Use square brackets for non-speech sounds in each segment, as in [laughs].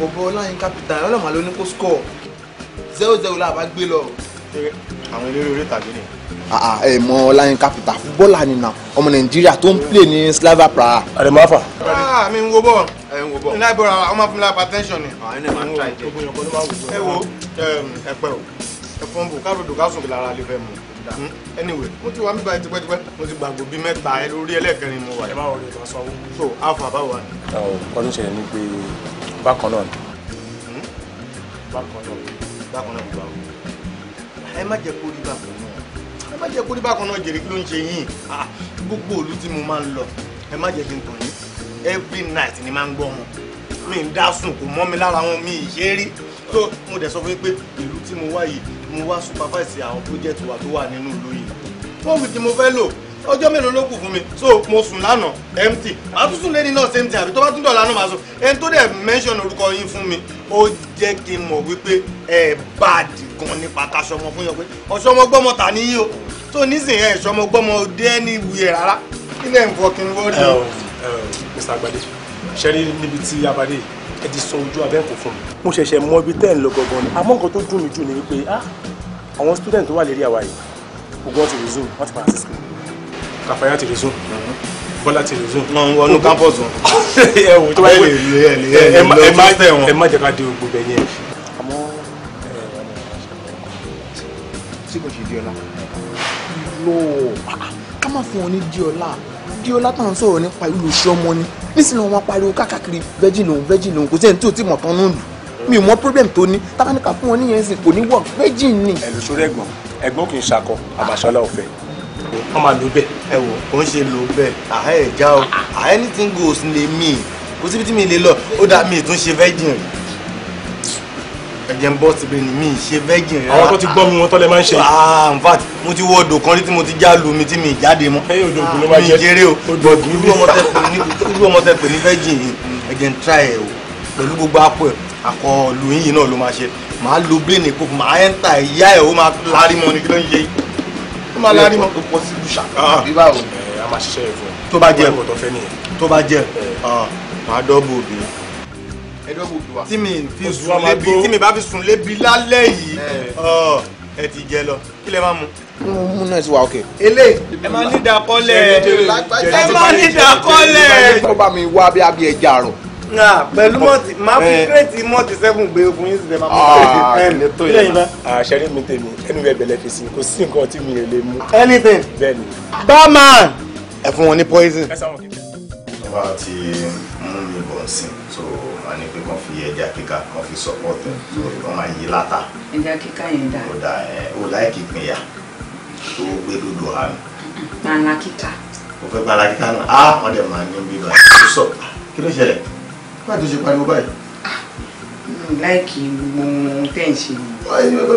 bọ̀bọ̀ ọláyin kápítà ọlọ́mà ló ní kó skọ̀ zero zero la bá gbé lọ. àwọn eléré orí ìtàgé ni. Ah, ah, ẹ mọ ọláyin kápítà fúbọ́ọ̀là nìna ọmọ nàìjíríà tó ń play ní Slavia Praha. àdèmọ́ àfà. Ah, mi ń wo bọ̀ ní àìbọ̀ra ọmọ fúnmi lápá tẹ́ńsọ̀n ni. ẹ wo ẹ pẹ́ o ẹ fọ́n bò ká rodo ká sùn kí lára lè fẹ́ mu hmm? anyway mo ti wà nígbà yìí tipẹ́tipẹ́ mo ti gbàgbọ́ bíi mẹ́ta lórí ẹlẹ́kẹrin mo wà. ẹ má wọlé ìgbà sanwó. so alpha báwo wà. ọ̀hún kọ́ni ṣẹlẹ̀ ní pé bákan náà ni. Hmm? bákan náà bákan náà bùbá ẹ má jẹ́ kó rí bákan náà ẹ má jẹ́ kó rí bákan náà jèrè kí ló ń ṣe yín ah, gbogbo òlu tí mo máa ń lọ ẹ má jẹ́ kí n tàn yín every night ni máa ń gbọ́ wọn mi ń dá sùn kò mọ́ mi lára wọn mi ì ṣe é rí tó mo dẹ̀ sọ fún yín pé ìlú tí mo wá yìí mo wá supervise àwọn project wa tó wà nínú ìlú yìí fóònù tí mo fẹ́ lò ọjọ́ mélòó ló kù fún mi so mo sùn lánàá empty màá tún sùn lẹ́ni náà same time àbí tó bá tún dọ̀la náà màá sùn ẹni tó dẹ̀ mention orúkọ yín fún mi ó jẹ́ kí n mọ̀ wípé ẹ bad gan nípa kaṣọ ọmọ fún yọ pé ọṣọmọ gbọ́mọ ta níyí o tó nísìnyí ẹ ṣọmọ gbọ́mọ dé ẹni wuyẹ rárá ilé ń fọ kí n wọ́n rí o. Mr. Agbade ṣẹ́rí níbi tí abade ẹ ti sọ ojú abẹ́ǹkò fún mi. mo ṣẹ̀ṣẹ̀ mọ ibi tẹ́ ẹ̀ ń lọ gangan ni àmọ́ nǹkan tó dùn mí jù ni wípé ah, àwọn student tó wà lérí àwa yìí gbogbo wọn ti resume wọn ti padà sí Rafaya ti resume mhm. Bọ́lá ti resume. wọn wọnú campus wọn. [laughs] ẹ wò tó bá yẹ ẹ má ẹ má ẹ má jẹ ká di gbogbo ẹ yẹn. àmọ́ tí kò ṣe diola lọ ah, ah, ká má fún ọ ní diola diola tó ń sọ̀rọ̀ nípa ìlú ṣọmọ ni nísìnyí wọn pariwo káàkiri virgin òun virgin òun kò sẹ́ni tí ò tí mọ̀ tán nù lù mi ò mọ problem tó ní tábánikà fún wọn níyẹn sì kò ní wọ̀ virgin ni. ẹ lọ sórí ẹ̀gbọ́n ẹ̀gbọ́n kì í ṣakọ àmàṣọlá ọfẹ lẹ́kọ̀ọ́ wọ́n máa lò bẹ́ẹ̀. ẹ wò kò ń ṣe lò bẹ́ẹ̀ àhẹ́ ẹ̀ já o anything goes lè mí kò síbi tí mi lè lọ ó dà mí tún ṣe virgin rí ẹ̀jẹ̀ ń bọ́ síbi ni mi ṣe virgin rárá. àwọn tó ti gbọ́ mi wọn tọ́lẹ̀ máa ń ṣe. Ah, in fact mo ti wọ odò kan rí tí mo ti já lu mi tí mi jáde mọ́. ẹyẹ odò ògùn ló máa jẹ mi jẹrẹ o irú ọmọ tẹ pè ní virgin yìí ẹ̀jẹ̀ ń try ẹ̀ o pẹ̀lú gbogbo apò ẹ̀ akọ lùyìn yìí náà ló máa ṣe màá lu brain epo màá ẹ̀ ń ta ẹ̀yà ẹ̀ ó máa lárí mọ́ ni kí ló ń ṣe yìí máa lárí mọ́ kó pọ̀ sí ìbùsà ah. a máa ṣiṣẹ́ yẹn fún ẹ. tó bá jẹ ẹ tó fẹ́ nìyẹn. tó bá jẹ ẹ eh. ah. máa dọ́bù òbí. tí mi fi sùn lébi tí mi bá fi sùn lébi lálẹ́ yìí eh. ah. ẹ ti jẹ lọ kí lẹ máa mu. mú náà ti wà òkè. ele ẹ máa ní ìdákọ́lẹ̀ ẹ máa ní ìdákọ́lẹ̀. tó mi wá bí abí ẹja na pẹ̀lú mọ́tì máa fi kírètì eh. mọ́tì seven gbé fún yín sílẹ̀ máa fún ẹni tó yẹn bá. àṣẹrí ah, mi tèmi ẹnu rẹ bẹ̀lẹ̀ fèsì kò sí nǹkan tí mi ò lè mú. anything bẹ́ẹ̀ni. barman ẹ fún wọn ní poison. nígbà tí mú mi bọ̀ sí so a ní pé kàn fi ẹja kíkà kàn fi support ẹ so wọ́n máa yí láta. ẹja kíkà yẹn dà. ó dà ẹ ó láìkí ìpínyà tó gbé dòdò hàn. gbàǹlà kíkà. mo fẹ́ gbàǹlà kíkà náà á ah, wọ́n dẹ̀ máa ní bí bá a kí ló ṣẹlẹ̀ má tó ṣe pariwo báyìí. láìkì gbogbo ohun tẹ́ ń ṣe.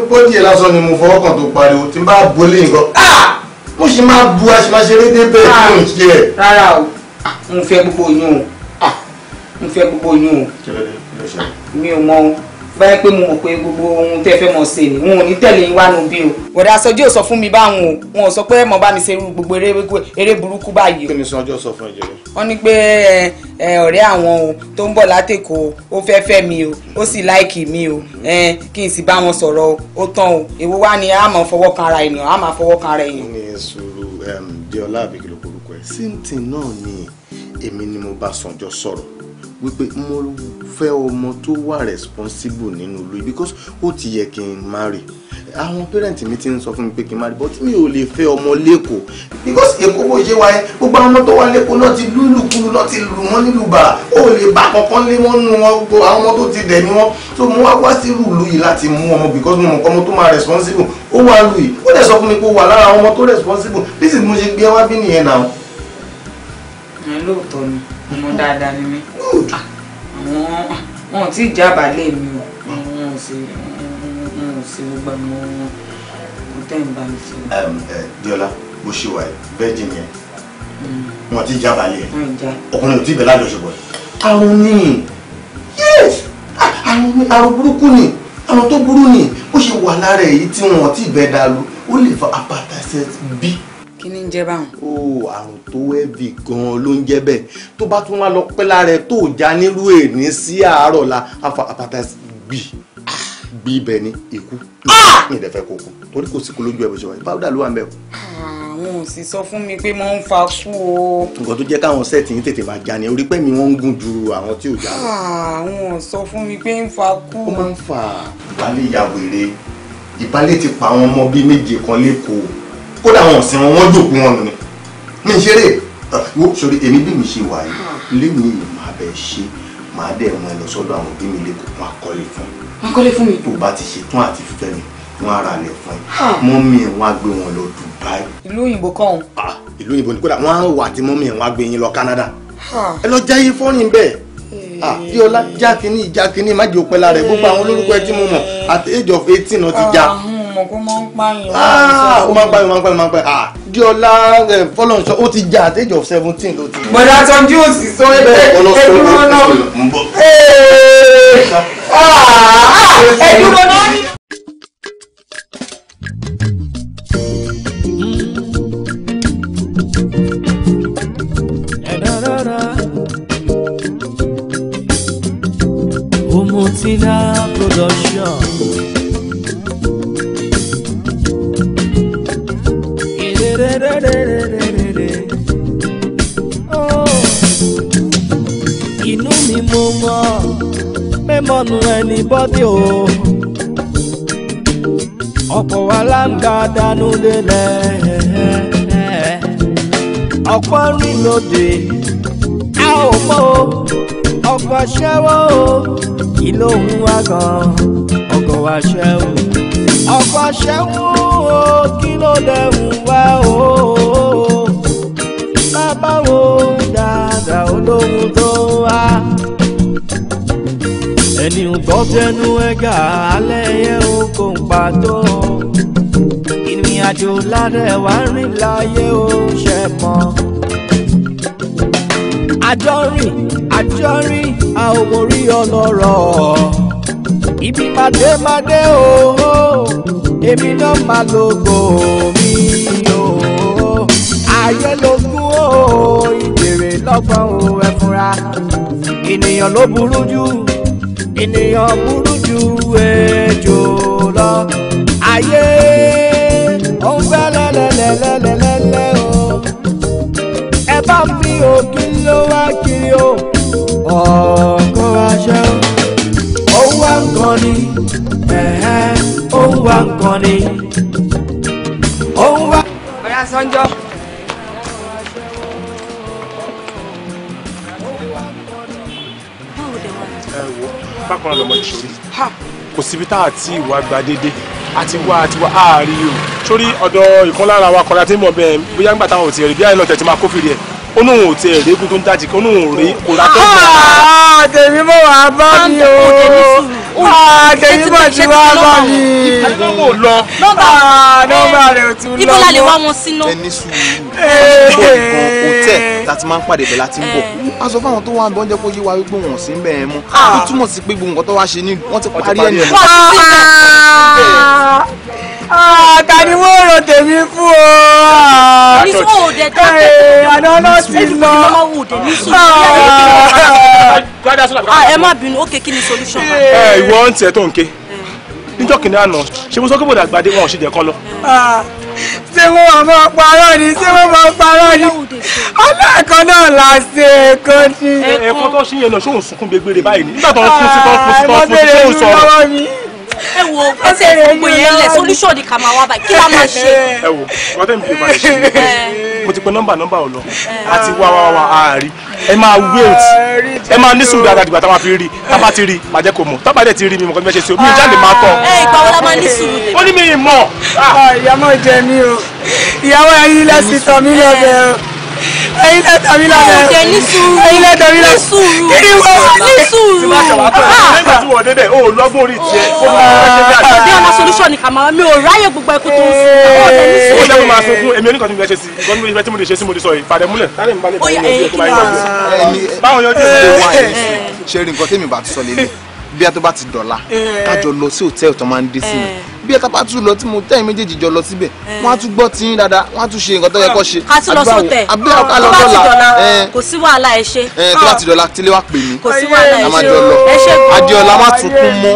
bọ́dì ẹ̀ lásán ni mo fọwọ́ kàn tó pariwo tí n bá bolé nǹkan ah! mo ṣì máa bu aṣèmáṣeré débẹ̀ kí ah, n ṣe ẹ̀. rárá o n ah, fẹ́ gbogbo yín o n fẹ́ gbogbo yín o mi ò mọ o báyẹn pé mo mọ̀ pé gbogbo ohun tẹ́ fẹ́ mọ̀ ṣe ni wọn ò ní tẹ̀lé yín wá bí o. bọ̀dà sọjí ò sọ fún mi báwọn o wọn ò sọ pé mo bá mi ṣe gbogbo eré burúkú báyìí. kí ni sọjọ́ sọ fún ẹ̀jẹ̀ rẹ. wọ́n ní pé ọ̀rẹ́ àwọn o tó ń bọ̀ látẹ̀kọ́ ó fẹ́ fẹ́ mi o ó sì láìkì mi o kí n sì bá wọn sọ̀rọ̀ ó tán o èwo wá ni a máa fọwọ́ kan ara ènìyàn a máa fọwọ́ kan ara ènìyàn. ní sùúrù wípé mo fẹ́ ọmọ tó wà responsible nínú ìlú because ó ti yẹ kí n marry àwọn pẹ́rẹ́ǹtì mi ti ń sọ fún mi pé kí n marry but mi ò lè fẹ́ ọmọ lẹ́kọ̀ọ́ because èkó bó ṣe wáyé gbogbo àwọn ọmọ tó wà lẹ́kọ̀ọ́ náà ti lúlùkulù náà ti lù wọ́n nílùú bàrà ó lè bá kankan lé wọ́n nu gbogbo àwọn ọmọ tó ti dẹ̀ ní wọ́n tó mú wá sí ìlú yìí láti mú ọmọ because mo mọ̀ kọ́ ọmọ tó máa responsible ó wà lù yìí ó dẹ̀ sọ fún mi pé ó wà lára àwọn ọmọ tó responsible this is mo ṣe gbé wá bí ẹ lóòótọ́ ni ọmọ dáadáa ni mí ah, àwọn wọn ò tí jábàá lé mi o wọn ò sí wọn ò sí gbogbo àwọn ọmọ tẹ́ ń bá mi sọ. diola bó ṣe wà bẹ́ẹ̀ jẹ́ nìyẹn wọn ti jábàá lé ọkùnrin ò tí bẹ̀ lájọṣepọ̀ àrùn ni ah, àrùn burúkú ni àrùn tó burú ni ó ṣe wà lára èyí tí wọn ò tí bẹ̀ dàlú ó lè fa hepatitis B kí ni ń jẹ́ báwọn. ó àrùn tó ẹ̀bì gan-an ló ń jẹ́ bẹ́ẹ̀ tó bá tún wá lọ pẹ́ lára ẹ̀ tó já nílùú èní sí àárọ̀ la àpàtà gbì gbì ibẹ̀ ni ikú ah! ní ìdẹ́fẹ́ kò kú torí kò sí kó lójú ẹ̀ bó ṣe wáyé báwo dà ló wà ń bẹ̀ o àwọn ò sì sọ fún mi pé mo ń fa kú o. nǹkan tó jẹ́ káwọn sẹ́ẹ̀tì yín tètè máa já ni orí pẹ́ mi wọ́n ń gùn ju àwọn tí ò já lọ. Ah, àwọn ò sọ fún mi pé ń fa kú. ó máa ń fa ìbálẹ̀ ìyàwó èrè ìbálẹ̀ ti pa àwọn ọmọ bíi méje kan lẹ́kọ̀ọ́ kódà wọn ọ̀sìn wọn wọ́n jòkó wọn nù ni mi ṣeré ah, wo sori èmi bí mi ṣe wà yìí lẹ́yìn yìí màá bẹ ṣe màá dẹ̀ mọ ẹ lọ sọ́dọ̀ àwọn òbí mi lẹ́kọ̀ọ́ wọn akọ́lé fún mi. wọn kọ́lé fún mi. tó o bá ti ṣe tún àti fẹ́ mi wọn ara lẹ fún ẹ ah. mọ́mí ẹ̀ wọ́n á gbé wọn lọ Dubai. ìlú òyìnbó kan. Ah, ìlú òyìnbó ni kódà wọ́n á wà tí mọ́mí ẹ̀ wọ́n á gbé yín lọ Canada. ẹ lọ jẹ́ yín fọ́nrin bẹ́ẹ̀ eh. bí ọlá jákínní jákínní má jẹ́ òpẹ́ lára ẹ̀ gbogbo àwọn olórúkọ ẹ mọ̀ age of eighteen náà ti já mọ̀ kó máa ń pààyàn. ó máa ń ah, pààyàn máa ń pààyàn máa ń pààyàn ah, diola eh, fọlọ́nsọ ó ti jà at age of seventeen ló ti. bọ̀dá tọ́jú òsì sọ ẹdúró náà eh, ah, ẹdúró náà. Omotila production. Oh. inú mi mo mọ pé mọ́nu ẹni bọ́dí o ọ̀pọ̀ wa láǹgá dánú délẹ̀ ọ̀pọ̀ rìn lóde a ò mọ̀ o ọ̀pọ̀ aṣẹ́wó o kí ló ń wá gan ọ̀gọ̀ aṣẹ́wó ọ̀pọ̀ aṣẹ́wó wo kí ló dẹ̀hùn wá o bàbá wo dáadáa olóhùn tó wá ẹni ò gbọ́ tẹnu ẹ̀gà alẹ́ yẹn o kò ń pa tó ìrìn àjò ládẹ̀ wá rìn láyé o ṣe mọ́ àjọrìn àjọrìn a ò mórí ọlọ́rọ̀ ibi màdé màdé o. Oh, oh èmi náà máa lògò mi o ayé lógún o ìbèrè lọ́gbọ̀n o ẹ fura ènìyàn ló burú jù ènìyàn burú jù ejò lọ ayé ó ń fẹ́ lẹ́lẹ́lẹ́lẹ́lẹ́lẹ́ o ẹ bá mi ò kí ló wá kiri o ọ̀ọ́kọ́ aṣọ ó wá ń kọ́ni ẹ̀ẹ́ wa nǹkan ni. òun wá. ọ̀yà sanjọ́. bákan náà lọmọ ìṣòrí kò síbi tá a ti ìwà gba dédé àti wá àti wá àárí o sórí ọ̀dọ̀ ìkan lára wa kọ́ra tí mo bẹ̀ bóyá ń gbà táwọn ò ti rí bí àìlọ́tẹ̀ ti máa kófìrí ẹ̀ olóhùn ò tiẹ̀ régún tó ń dájì kan olóhùn ò rí kò rà tó ń bọ̀. Ah, tèmi mọ̀ wá bá mi o ah, tèmi mọ̀ ti wá bá mi. ìbílẹ̀ wò lọ. nọ́mbà rẹ̀ ah, ò tún lọ́mọ. ibi la lè wá wọn sí náà. ẹni sùúrù eh. hòtẹ́ẹ̀ láti máa ń pàdé bẹ̀ láti ń bọ̀. Eh. a sọ fáwọn tó wà ń bọ́ jẹ́ kó yí wa wípé wọn ò sí ń bẹ̀ ẹ́ mọ́. ó túmọ̀ sí pé gbogbo nǹkan tó wá ṣe ni wọ́n ti parí ẹ̀ nìyẹn. Ah, ta ni wọ́n rò tèmi fún o. ní sọ òde tó tẹ̀ ẹ́ àná náà ti lọ. ẹ má okay. ó ké kí ni solution. ẹ eh, ìwọ ń tẹ tó ń ké níjọ́ kìnìún àná ṣé mo sọ pé bòdà gbadé wọn ò ṣe jẹ́ kọ́ lọ. Ah. ṣé wọ́n máa máa parọ́ ni ṣé wọ́n máa parọ́ ni ọlọ́ọ̀kan náà la ṣe kó ní. ẹ̀kọ́ tó ṣí yẹn lọ ṣóun sunkún gbégbére báyìí nígbà tó ń fún sí tó ń fún sí tó ń fún sí tó ń ẹ wo ẹsẹ̀ ìfowópamọ́ yẹn lẹ̀ solution ni ká máa wá báyìí kí la máa ṣe. ẹ wo kọ́tẹ́ mi fi balẹ̀ ṣe mo ti pe nọ́mbà nọ́mbà ò lọ àti wa, wá wá àárí ẹ máa wait ẹ máa ní sùúrù dáadáa dìgbà tá a máa fi rí tá a bá ti rí màá jẹ́ kó mọ̀ tá a bá dẹ̀ ti rí mi mọ̀ kọ́ mi fẹ́ ṣe sí o mi ò jáde máa tọ̀. ẹ ìgbà wo la máa ní sùúrù dé. ó ní mi ì mọ̀. Ah, ìyá mọ̀ jẹ mí o ìyàwó ẹyin lẹ́sìn tán mi lọ́bẹ̀ o ẹyin lẹ tàbí lálẹ́ ọjẹ ní sùúrù ẹyin lẹ tàbí lálẹ́ sùúrù kí ni wọn wà ní sùúrù ah! nígbà tí wọn débẹ̀ o lọ́gbọ́n orí tiẹ̀ kó máa ń ṣe dáadáa. ọdẹ ọlá solution ni kàmá mi ò ráyè gbogbo ẹkú tó ń sùn eh! ọdẹ ní sùúrù. ó lẹ́nu máa sunkún èmi oníkan tí mo ṣe sí ìgbọ́n mi ìgbẹ́ tí mo lè ṣe nǹkan tẹ́mi bá ti sọ lélẹ̀ bí a tó bá ti dọ̀la eh! kájọ lọ sí hòtẹ́ẹ̀lì tó máa ń dé sí mi eh! bí ẹ̀ka bá tún lọ tí mo tẹ́yìn méjèèjì jọ lọ síbẹ̀ eh. wọ́n á tún gbọ́ tí yín dáadáa wọ́n á tún ṣe nǹkan tó yẹ kó ṣe ká tún lọ sóòtẹ̀ àbí eh. eh, tó bá ti dọ̀la tílé wá pè mí kò má tún kún mọ́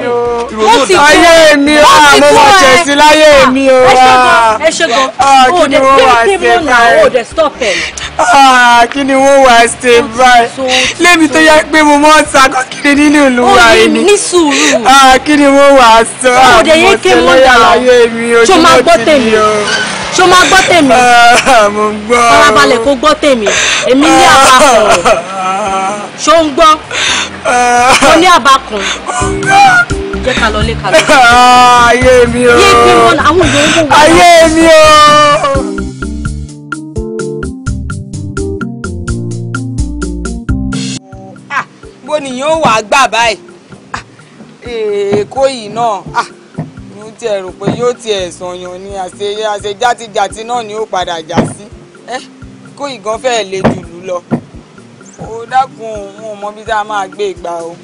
ó ti kú ayé ah, mo mọ̀ ṣe sí ẹ ṣe ah. gan ẹ ṣe gan ah, ó dẹ̀ stop ẹ̀ Ah, kí ni wọ́n wá ṣe báyìí lébi tó yẹ pé mo mọ́ ta kọ́kiri nínú ìlú wa oh, yìí ni ní sùúrù ah, kí ni wọ́n wá sọ àmọ́ sẹ́lẹ̀ àlàyé mi ojú ló ti di o. ṣó máa gbọ́ tèmi ah, mo gbọ́ farabalẹ̀ kó gbọ́ tèmi èmi ní àbákan ṣó ń gbọ́ mo ní àbákan jẹ́ ká lọ lé ká ayé mi o ayé mi o. èwo nìyẹn ó wàá gbà báyìí ah, èkó yìí náà ah, mo tiẹ̀ rò pé yóò tiẹ̀ sọ̀yàn ni àṣejátijáti náà ni ó padà já sí eh, kó ìgan fẹ́ẹ̀ lè jùlù lọ ó dákun òun mọ bí tá a máa gbé ìgbà o.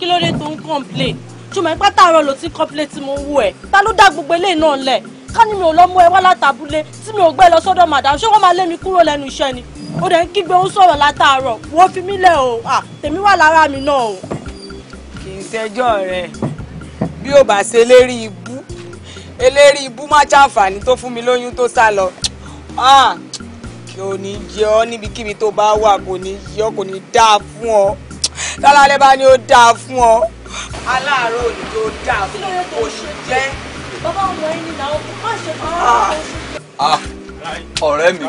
kí ló dé tó ń complain jùmọ̀ ipá tààrọ̀ ló ti complain tí mo ń wò ẹ̀ ta ló dá gbogbo eléyìí náà lẹ̀ ká ní mi ò lọ mú ẹ wá látàbúlé tí mi ò gbé lọ sọ́dọ̀ màdàm ṣé wọ́n máa lé mi kúrò lẹ́nu iṣẹ́ ni ó dẹ̀ ń kígbe ó sọ̀rọ̀ látàárọ̀ wọ́n fi mí lẹ̀ o tèmi wà lára mi náà o. kì í ṣẹjọ́ rẹ bí ò bá ṣe eléri ibú eléri ibú má ṣàǹfààní tó fún mi lóyún tó sá lọ kí o ní jẹ ọ níbikíbi tó bá wà kò ní yẹ ọ kò ní dáa fún ọ lálálẹ́ bá ní ó dáa fún ọ aláàárọ̀ òní tó dáa fún oṣù jẹ́. bàbá ọmọ ẹni náà má ṣe fún ọ. ọ̀rẹ́ mi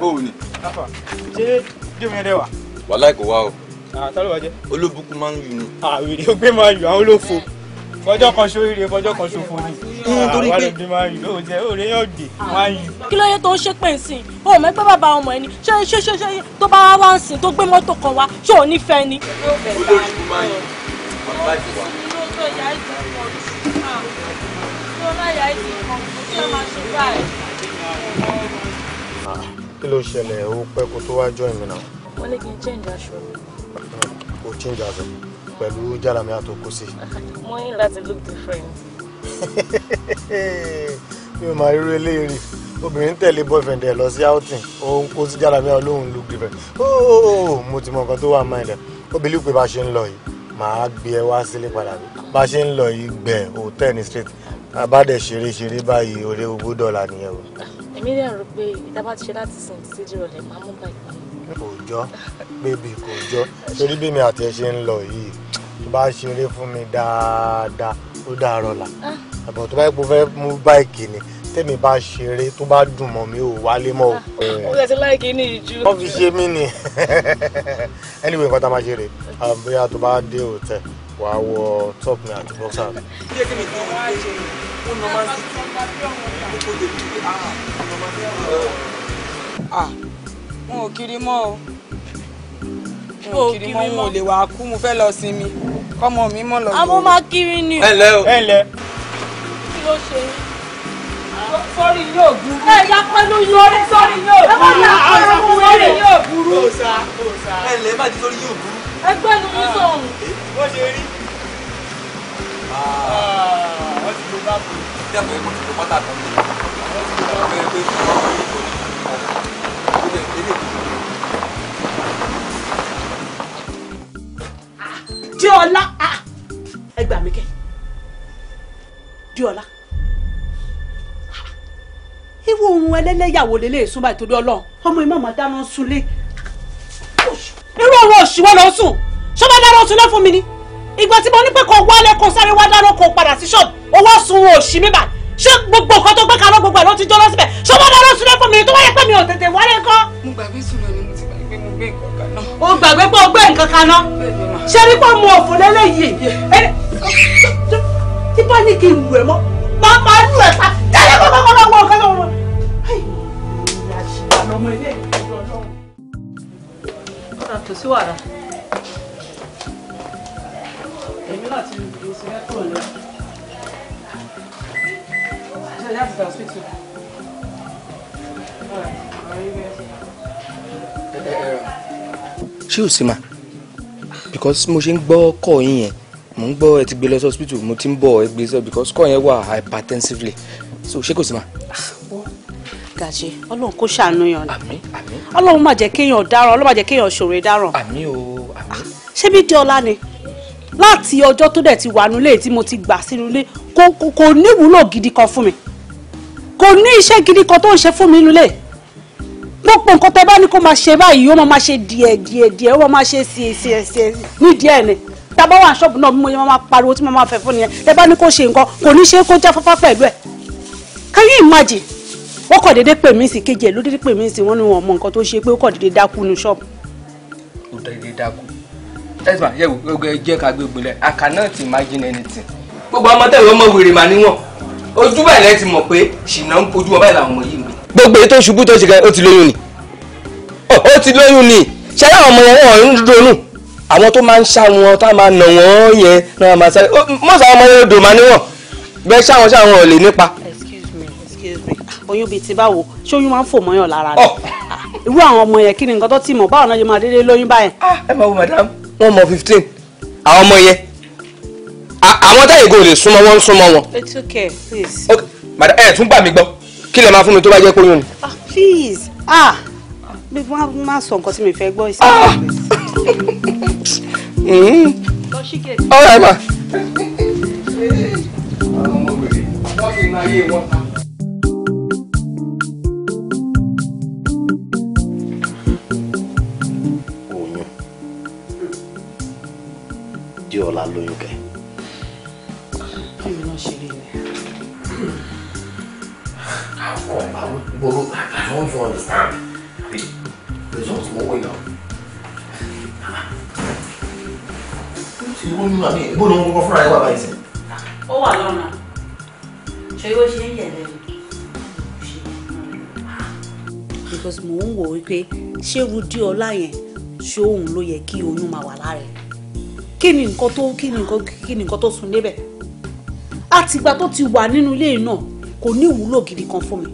bóun ṣé jẹ́mi ẹ̀rẹ́ wà. wàhálà kò wá o. àtàlù wájẹ. olóbùkún máa ń yùn ni. àwèrè ó gbé máa yùn àwọn olófo fọjọ́ kan ṣoríire fọjọ́ kan ṣòfò ni. n torí pé àwọn máa ń yùn lóòjẹ òòrè yóò dé máa ń kí ló yẹ tó ń ṣe pé nsìn o ò mẹ́gbẹ́ bàbá ọmọ ẹni ṣé ṣé ṣé ṣé tó bá wá wá nsìn tó gbé mọ́tò kan wá ṣé ò nífẹ̀ẹ́ ni. olórí kò máa yùn bàbá ti wà. Ah kí ló ṣẹlẹ̀ ó pẹ́ kó tó wá join mi náà. wọ́n lè kí n change aṣọ mi. o change aṣọ pẹ̀lú jàlámi àtòkù sí. mo ní láti look different. mi ò máa ríro eléyìí rí obìnrin tẹ̀lé boyfriend ẹ̀ lọ sí outing òun kó sí jàlámi olóhùn look different. ooo mo ti mọ nǹkan tó wà mind ẹ̀ obìnrin pé bá ṣe ń lọ yìí màá gbé ẹ wá sílé padà bá ṣe ń lọ yìí gbẹ òtẹ́ẹ̀ni straight abádẹ̀ ṣeré ṣeré báyìí orí ogún dọ́là nìyẹn o. èmi rẹ̀ rò pé ìdábà ti ṣe láti sìn sí ìjírọ̀lẹ̀ máa mú báyìí. kò jọ bébì kò jọ torí bí mi àti ẹ ṣe ń lọ yìí tó bá ṣeré fún mi dáadáa ó dàárọ̀ là ah. àbọ̀ tó bá yẹ kó fẹ́ mú báyìí ni tẹ́mi bá ṣeré tó bá dùn mọ́ mi ò wálé mọ́ o. Ah, ó kẹsí láìkí ní ìjú. wọ́n fi ṣe mí ni [laughs] anyway nǹkan tá a máa ṣe rè é bóyá tó bá dé òtẹ́ wà á wọ top mi àti boxer. ṣé kí ni kí wọ́n á ṣe ó nọ máa ń sí ah, ah, ò kiri mọ́ o wọn ò kiri mọ́ wọn ò lè wà á kú mo fẹ́ lọ sinmi kọ́mọ mi mọ́ lọ. àmọ́ máa kiri ni. ẹ lẹ o ẹ lẹ. kí ló ṣe ah, sọ́rí yóò burú. ẹ ya pẹ̀lú yóò sọ́rí yóò burú. ẹ má ya pẹ̀lú sọ́rí yóò burú. ẹ lè má ti sọ́rí yóò burú ẹgbẹ́ ni mo sọ bó ṣe rí ah, wọ́n ti lo báàbò. ìjàpọ̀ ẹ̀kọ́ ti lo pátá kan ní ìlú ọ̀gbẹ́ pé wọ́n fi ìbò ní ìbílẹ̀ ìdílé ìdílé. Diola ah, ẹ gbà mí kẹ́ Diola ah, irú ohun ẹlẹ́lẹ́yàwó lélẹ́yìí súnmọ́ ìtòdó ọlọ́run ọmọ ìmọ̀ dáná sunlé ṣì wọ́n lọ sùn ṣé wọ́n dáná sùn lẹ́fún mi ni ìgbà tí mo ní pé kò wálé kò sáré wá dáná kò padà sí ṣọ́ọ̀bù owó sun òṣì mi báyìí ṣé gbogbo nǹkan tó gbé kaná gbogbo ẹ̀ ló ti jọ́ lọ́sibẹ̀ ṣé wọ́n dáná sùn lẹ́fún mi ni tó wáyé pé mi ò tètè wálé kọ́. mo gbàgbé sùn lọ mo ti gbàgbé mo gbé nǹkan kaná. o gbàgbé pé o gbé nǹkan kaná ṣé rí pé mo òfò lélẹ́yìí tí bá ní kí n wẹ̀ mọ́ máa máa lù ẹ̀ pa tẹ́lẹ̀ kọ́kọ́ lọ́wọ́ ọ̀gá lọ́wọ́ wàhálà tó sí wàhálà èmi náà ti lù sí mẹ́kúrò lọ ṣe láti dà sí tù. ṣé ò sí ma because mo ṣe ń gbọ́ kọ́ yín yẹn mo ń gbọ́ ẹ ti gbé lọ sí hospital mo ti ń bọ̀ ẹ gbé sọ because kọ́ yẹn wà hypertensively so ṣé kò sí ma gàjẹ Ọlọ́run kó ṣàánú yàn ni àmín má jẹ́ kéèyàn dáràn Ọlọ́run má jẹ́ kéèyàn ṣòro dáràn àmín o àmín ṣé bí di ni láti ọjọ́ tó dẹ̀ ti wà nílé tí mo ti gbà sínú ilé kò ní gidi kan fún mi kò ní iṣẹ́ gidi kan tó ń ṣe fún mi nílé gbogbo nǹkan tẹ bá ní kó máa ṣe báyìí ó máa ṣe díẹ̀ díẹ̀ díẹ̀ ó máa ṣe sí sí sí ní díẹ̀ ni tábà wà ṣọ́ọ̀bù náà mo yẹ máa pariwo tí mo máa fẹ́ fún nìyẹn tẹ bá ní kó ṣe nǹkan kò ní ṣe kó jáfáfá pẹ̀lú ẹ̀ can you imagine wọ́n kọ̀ déédéé pè mí sí kejì ẹ̀ ló déédéé pè mí sí wọ́n ní wọn mọ nǹkan tó ṣe pé ó kọ̀ déédéé dákú ní ṣọ́ọ̀bù. ó déédéé dákú ẹ̀sìmá yẹ gbogbo ẹ jẹ́ ká gbégbé lẹ̀ I cannot imagine anything. gbogbo ọmọ tẹ̀wé ọmọ wèrè mà níwọ̀n ojú báyìí lẹ ti mọ̀ pé ṣìnà ń kojú ọba ìlànà ọmọ yìí mi. gbogbo ètò ìṣubú tó ṣe kẹ ó ti lóyún ni ó ti lóyún ni ṣé àwọn ọmọ wọn ń ronú àwọn tó máa ń ṣá wọn tá a máa nà wọn yẹn náà máa sáré mọ́sàá ọmọ yẹn odò máa níwọ̀n bẹ́ẹ̀ ṣáwọn ṣáwọn ò lè nípa excuse me oyún bíi ti báwo ṣé oyún máa ń fò mọ́yàn lára ni oh. ah, irú àwọn ọmọ yẹn kí ni nǹkan tó ti mọ̀ báwo náà ṣe máa dédé lóyún báyẹn. Ah, ẹ máa wo madam wọn mọ fifteen àwọn ọmọ yẹn àwọn táyìgò lè súnmọ́ wọn ń wọn. it's okay please. ok madam ẹ tún gbà mí gbọ́ kí lè máa fún mi tó bá jẹ́ kóyún ni. Ah, please ah bí wọ́n máa sọ nǹkan tí mi fẹ́ gbọ́ ìsìn. ọ̀rẹ́ hmm. ma. lóyún kẹ. fíìmù náà ṣe rí ni. Bolo, I don't even understand. Results won't wait now. Ṣé ìwọ nínú àmì ìbò ni wọ́n kọ́kọ́ fúnra ẹ̀ wà báyìí sí? Ó wà lọ́nà. Ṣé ó ṣe ń yẹ̀ lẹ́nu? Because mò ń wò wípé ṣé Rudi ọlá yẹn ṣé òun ló yẹ kí oyún máa wà lára ẹ̀? kí ni nǹkan tó kí ni nǹkan kí ni nǹkan tó sùn débẹ̀ àtìgbà tó ti wà nínú ilé náà kò ní ìwúlò gidi kan fún mi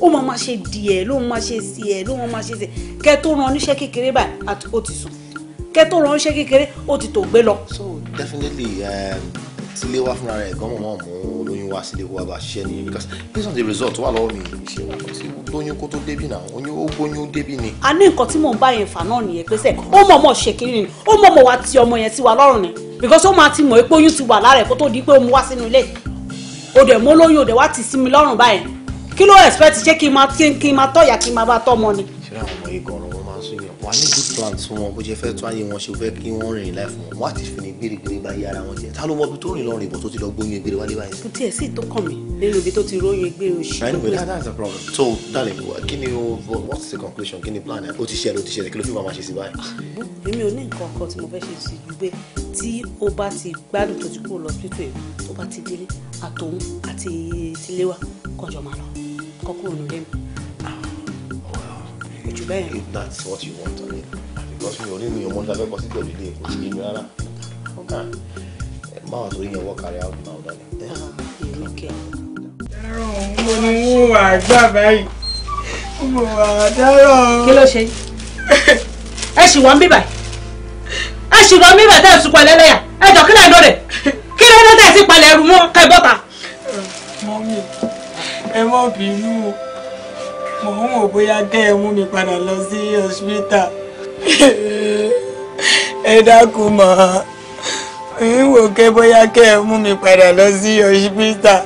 ó máa ma ṣe di ẹ ló máa ṣe sí ẹ ló máa ṣe sí kẹ tó ran oníṣẹ́ kékeré báyìí ó ti sùn kẹ tó ran oníṣẹ́ kékeré ó ti tó gbé lọ. so definitely um, tilé wá fúnra rẹ̀ gan mọ̀ mọ́ wá sílé kó bá ṣiṣẹ́ nìyẹn because based on the result wà lọ́wọ́ mi ṣe wà sí lóyún kó tó débì náà oyún ó gbóyún ó débì ni. a ní nǹkan tí mò ń bá yẹn fà náà nìyẹn pé ó mọ̀ mọ̀ ṣe kiri ni ó mọ̀ mọ̀ wá ti ọmọ yẹn sí wa lọ́rùn ni because ó máa ti mọ̀ pé oyún ti wà lára ẹ̀ kó tó di pé ó mu wá sínú ilé òdè mọ́ lóyún òdè wá ti sí lọ́rùn báyẹn kí ló expect ṣé kí n máa tọ́ wà ní good plans fún wọn bó ṣe fẹ́ tún ayé wọn ṣe fẹ́ kí wọ́n rìn láì fún wọn wọ́n á ti fi ní gbèrègbèrè bá yí ara wọn jẹ ta ló mọ ibi tó rìn lọ́rùn ìbọn tó ti lọ gbóyún egbèrè wálé báyìí. kò tiẹ̀ sí tó kàn nínú ibi tó ti róyún egbèrè oṣù. anyway that, that's a problem so darling kí ni o what's the conclusion kí ni plan ẹ o ti ṣe ẹ o ti ṣe ẹ kí ló fi máa ṣe sí báyìí. èmi ò ní nǹkan kan tí mo fẹ́ ṣe sí ju pé tí ó bá ti gbádùn tó ti kúrò lọ sí tòun if that's what you want I mean because mi ò ní mi ò mọ dábẹ́ kọ sí pẹ̀lú ilé kò sí ní mi rárá máa tó yẹn wọ́n carry out now dání. èmi kẹ. ẹ̀rọ òun ni wọ́n wà gbà báyìí mo wà dárò. kí ló ṣe ẹ ṣì wọ́n bíbà ẹ ṣì wọ́n bíbà tẹ́ ẹ sunkún ẹlẹ́lẹ́yà ẹ jọ kí lẹ́nu rẹ̀ kí ló dé tẹ́ ẹ sì palẹ̀ ẹrù mọ́ kẹ́ bọ́ta. mọ́mí ẹ má bínú o mo ń wò bóyá kẹ́ ẹ mú mi padà lọ sí hospital ẹ dákun mọ́ ń wò kẹ́ bóyá kẹ́ ẹ mú mi padà lọ sí hospital